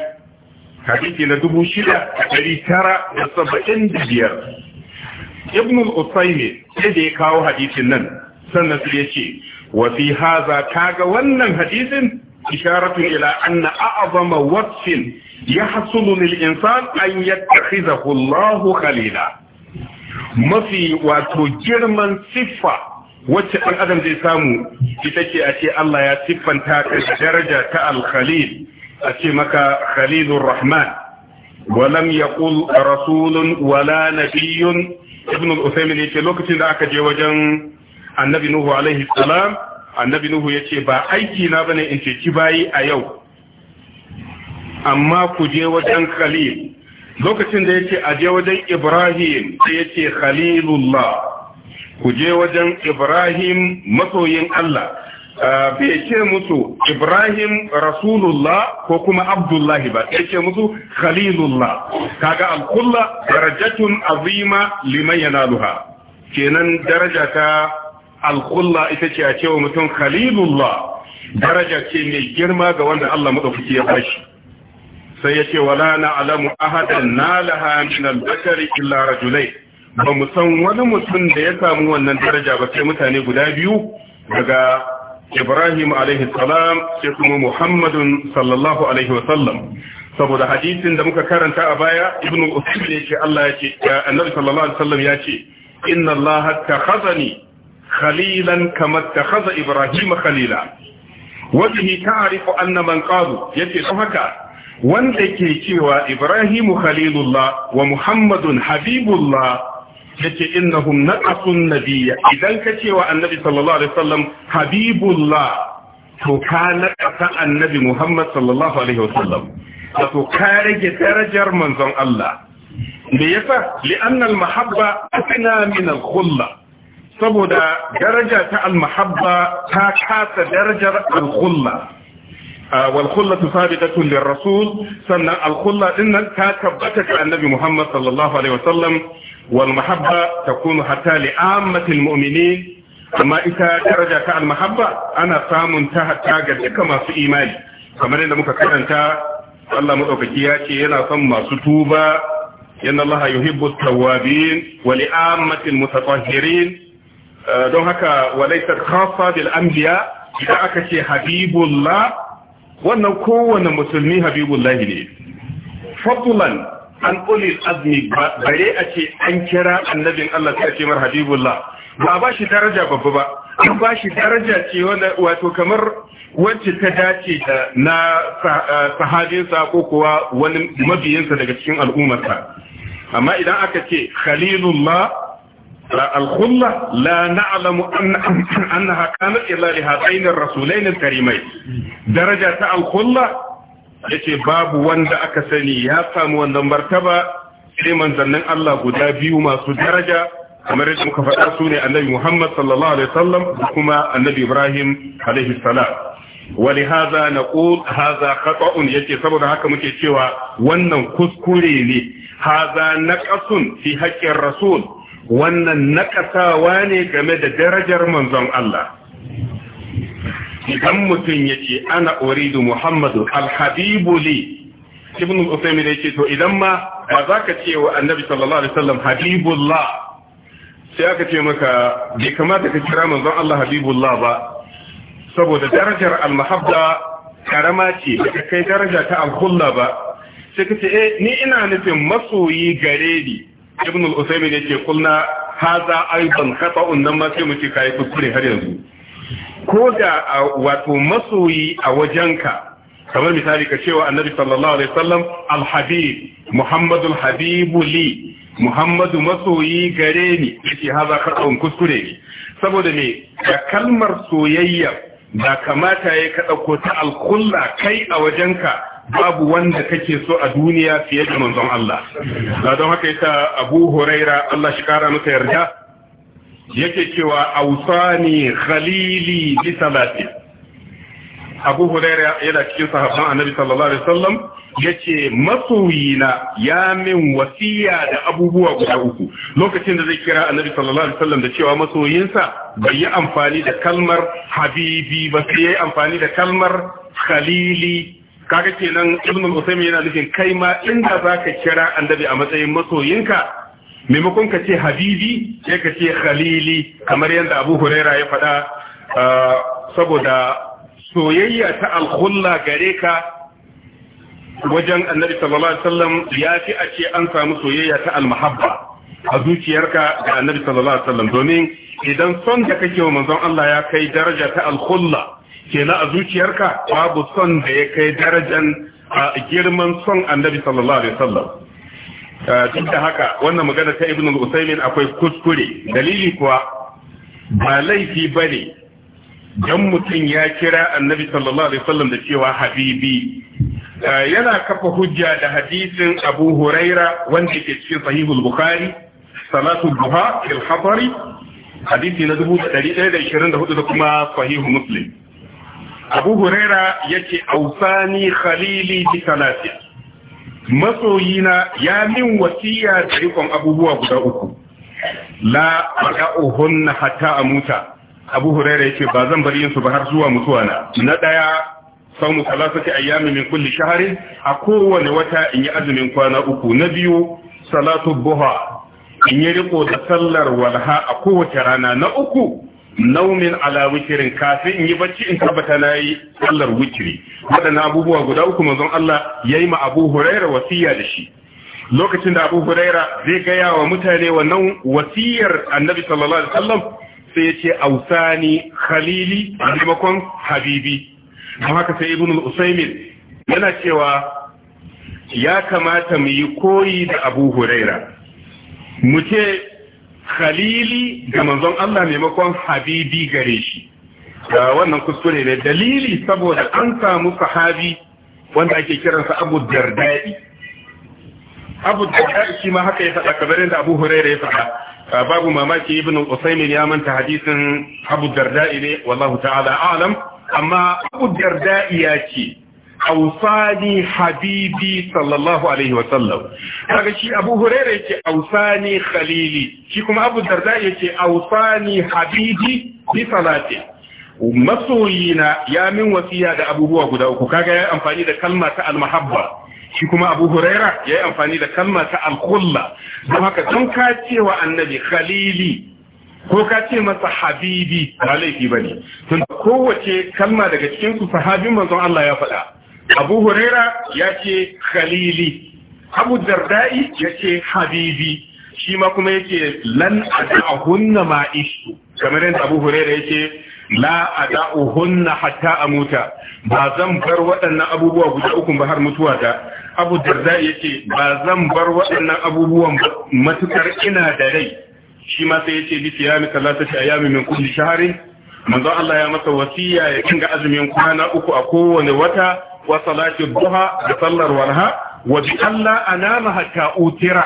Speaker 1: hadisi na 6975 Ibn al-Usaymi sai da ya kawo hadisin nan sannan sai ya ce wa fi hadha kaga wannan hadisin isharatun ila anna a'zama wasfin yahsulu lil insan an yattakhizahu Allahu khalila mafi wato girman siffa wacce ɗan adam zai samu ita ce a ce Allah ya siffanta ka da daraja ta al-khalil a ce maka khalilur rahman walam yaqul rasulun wala nabiyyun ibn al-usaymin yace lokacin da aka je wajen annabi nuhu alaihi salam annabi nuhu yace ba aiki na bane in ce ki bayi a yau amma ku je wajen khalil lokacin da yace a je wajen ibrahim sai yace khalilullah ku je wajen Ibrahim masoyin Allah ah, bai ce musu Ibrahim Rasulullah ko kuma Abdullahi ba sai ce musu Khalilullah kaga al-kulla darajatun azima liman yanaluha kenan daraja ta al-kulla ita ce a cewa mutum Khalilullah daraja ce mai girma ga wanda Allah madaukaki ya bashi sai ya ce wala na alamu ahadan nalaha min al-bakari illa rajulain ba mu san wani mutum da ya samu wannan daraja ba sai mutane guda biyu daga Ibrahim alaihi salam sai kuma Muhammadun sallallahu alaihi wa sallam saboda hadisin da muka karanta a baya Ibn Usayb ne ce Allah ya ce Annabi sallallahu alaihi wasallam ya ce inna Allah takhazani khalilan kama takhaza Ibrahim khalila wajihi ta'rifu anna man qalu yace don haka wanda ke cewa Ibrahim Khalilullah wa Muhammadun Habibullah kace innahum naqasun nabiyya idan ka ce wa annabi sallallahu alaihi wasallam habibullah to ka naqasa annabi muhammad sallallahu alaihi wasallam to ka rage darajar manzon Allah me yasa li anna al-mahabba asna min al-khulla saboda daraja ta al-mahabba ta kasa darajar al-khulla والخلة ثابتة للرسول سنة الخلة إن كتبتك النبي محمد صلى الله عليه وسلم والمحبة تكون حتى لعامة المؤمنين amma ita daraja ta almahabba ana samun ta hatta ga duka masu imani kamar yadda muka karanta Allah madaukaki ya ce yana son masu tuba yana Allah yuhibbu tawwabin wa li'ammatil mutatahhirin don haka walaysa khassa bil anbiya idan aka ce habibullah wannan kowanne musulmi habibullahi ne fadlan an ulil azmi bare a ce an kira annabin Allah sai ce mar habibullah ba ba shi daraja babba ba an ba shi daraja ce wato kamar wacce ta dace da na sa ko kuwa wani mabiyinsa daga cikin al'ummarsa amma idan aka ce khalilullah la al-khulla la na'lamu annaha kanat illa li hadain ar-rasulain al-karimain daraja ta al-khulla yace babu wanda aka sani ya samu wannan martaba sai manzannin Allah guda biyu masu daraja kamar yadda muka faɗa su ne annabi Muhammad sallallahu alaihi wasallam kuma annabi Ibrahim alaihi salam wali haza naqul haza khata'un yace saboda haka muke cewa wannan kuskure ne haza naqasun fi haqqir rasul wannan naƙasawa ne game da darajar manzon Allah idan mutum ya ce ana oridu muhammadu alhabibu li ibn usaimin ce to idan ma ba za ka ce wa annabi sallallahu alaihi wasallam habibullah sai aka ce maka bai kamata ka kira manzon Allah habibullah ba saboda darajar almahabba karama ce ba kai daraja ta alhulla ba sai ka ce eh ni ina nufin masoyi gare ni ibn al-usaymin yace kulna hadha aidan khata'un nan ma sai mu ce kai kuskure har yanzu ko da wato masoyi a wajenka kamar misali ka cewa annabi sallallahu alaihi wasallam al-habib muhammadul li muhammadu masoyi gare ni yace haza karɓon kuskure ne saboda me da kalmar soyayya ba kamata ya ka ɗauko ta alkulla kai a wajenka babu wanda kake so a duniya fiye da manzon Allah don haka yasa Abu Huraira Allah shi kara maka yarda yake cewa ausani khalili bi salati abu huraira yana cikin sahabban annabi sallallahu alaihi wasallam yace masoyina ya min wasiya da abubuwa guda uku lokacin da zai kira annabi sallallahu alaihi wasallam da cewa masoyinsa bai yi amfani da kalmar habibi ba sai yayi amfani da kalmar khalili kaga kenan ibnu usaymin yana nufin kai ma inda zaka kira annabi a matsayin masoyinka maimakon ka ce habibi sai ka ce khalili kamar yadda abu huraira ya faɗa saboda soyayya ta alkhulla gare ka wajen annabi sallallahu alaihi wasallam ya fi a ce an samu soyayya ta almahabba a zuciyarka ga annabi sallallahu alaihi wasallam domin idan son da kake wa manzon Allah ya kai daraja ta alhulla kenan a zuciyarka babu son da ya kai darajan girman son annabi sallallahu alaihi wasallam Eh, duk da haka wannan magana ta ibn usaimin akwai kuskure dalili kuwa ba laifi ba ne? dan mutum ya kira annabi sallallahu alaihi wasallam da cewa habibi eh, yana kafa hujja da hadisin abu huraira wanda ke cikin sahihul bukhari salatu duha fil hadari hadisi na 1124 da kuma sahihu muslim abu huraira yake ausani khalili bi salatin masoyina ya min wasiya da rikon abubuwa guda uku la na hatta a amuta abu hurairah yace ba zan bar yinsu ba har zuwa mutuwa na na daya saumu salasati ayyami min kulli shahrin a kowane wata in yi azumin kwana uku na biyu salatu buha in yi riko da sallar walha a kowace rana na uku naumin ala wikirin kafin in yi bacci in tabbata na yi sallar wikiri waɗannan abubuwa guda uku manzon Allah ya yi ma abu huraira wasiya da shi lokacin da abu huraira zai gaya wa mutane wannan wasiyar annabi sallallahu alaihi wasallam sai ya ce ausani khalili a maimakon habibi don haka sai ibn al-usaimin yana cewa ya kamata mu yi koyi da abu huraira mu ce khalili ga manzon Allah maimakon habibi gare shi ga wannan kuskure ne dalili saboda an samu sahabi wanda ake kiransa Abu Dardai Abu Dardai shi ma haka ya faɗa kamar yadda Abu Hurairah ya faɗa babu mamaki Ibn usaimin ya manta hadisin Abu Dardai ne wallahu ta'ala a'lam amma Abu Dardai ya ce ausani habibi sallallahu alaihi wa sallam kaga shi abu hurairah yace ausani khalili shi kuma abu darda ce ausani habibi bi salati masoyina ya min wasiya da abubuwa guda uku kaga ya amfani da kalma ta almahabba shi kuma abu huraira yi amfani da kalma ta alkulla don haka don ka cewa annabi khalili ko ka ce masa habibi ba laifi bane tun kowace kalma daga cikin su sahabin manzon Allah ya faɗa abu huraira ya ce khalili abu dardai ya ce habibi shi ma kuma yake lan ada'ahunna ma isu. kamar yadda abu huraira yake la ada'uhunna hatta amuta ba zan bar waɗannan abubuwa guda uku ba har mutuwa ta abu yake ba zan bar waɗannan abubuwan matukar ina da rai shi ma sai yace ta ce a ayami min kulli shahrin manzo Allah ya masa wasiya ya kinga azumin kwana uku a kowane wata wa salati duha da sallar warha wa bi Allah anama hatta utira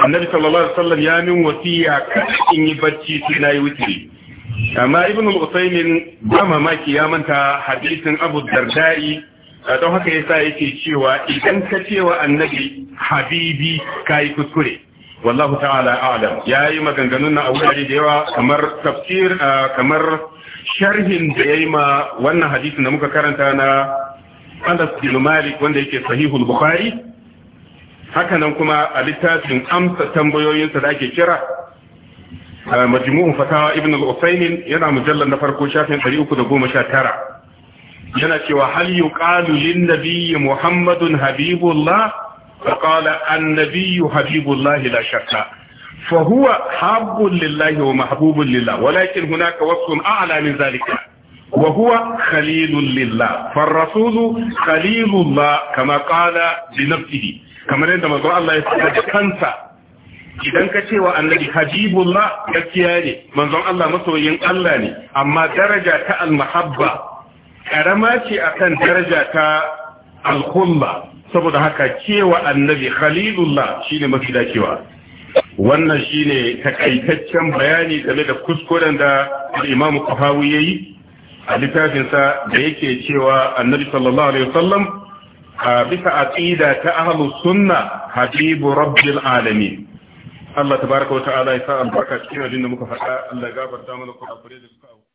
Speaker 1: annabi sallallahu alaihi wasallam ya min wasiya kan in yi bacci sai nayi witri amma ibn al-usaymin mamaki ya manta hadisin abu dardai don haka yasa yake cewa idan ka cewa annabi habibi kai kuskure wallahu ta'ala a'lam yayi maganganun na wurare da yawa kamar tafsir ah, kamar sharhin da yayi ma wannan hadisi da muka karanta na Anas bin Malik wanda yake sahihul Bukhari haka nan kuma a littafin amsa tambayoyinsa da ake kira majmu'un fatawa ibn al-Usaymin yana mujallal na farko shafin 319 yana cewa hal yuqalu lin nabiy Muhammadun habibullah fa an-nabiy habibullah la shakka fa huwa habbun lillahi wa mahbubun lillah walakin hunaka wasfun a'la min zalika Wahuwa huwa khalilun lillah farrasulu khalilullah kama qala bi nafsihi kamar yadda manzo Allah ya kansa idan ka cewa annabi Habibulla gaskiya ne manzon Allah masoyin Allah ne amma daraja ta al-mahabba karama ce akan daraja ta al-khulla saboda haka cewa annabi khalilullah shine mafi dacewa wannan shine takaitaccen bayani game da kuskuren da al-imamu qahawi yayi a littafinsa da yake cewa annabi sallallahu alaihi wasallam a bisa aqida ta ahlus sunna habibu
Speaker 2: rabbil alamin
Speaker 1: Allah tabaraka wa ta'ala ya sa albarka cikin abin da muka faɗa Allah ya gafarta mana kuɗa da suka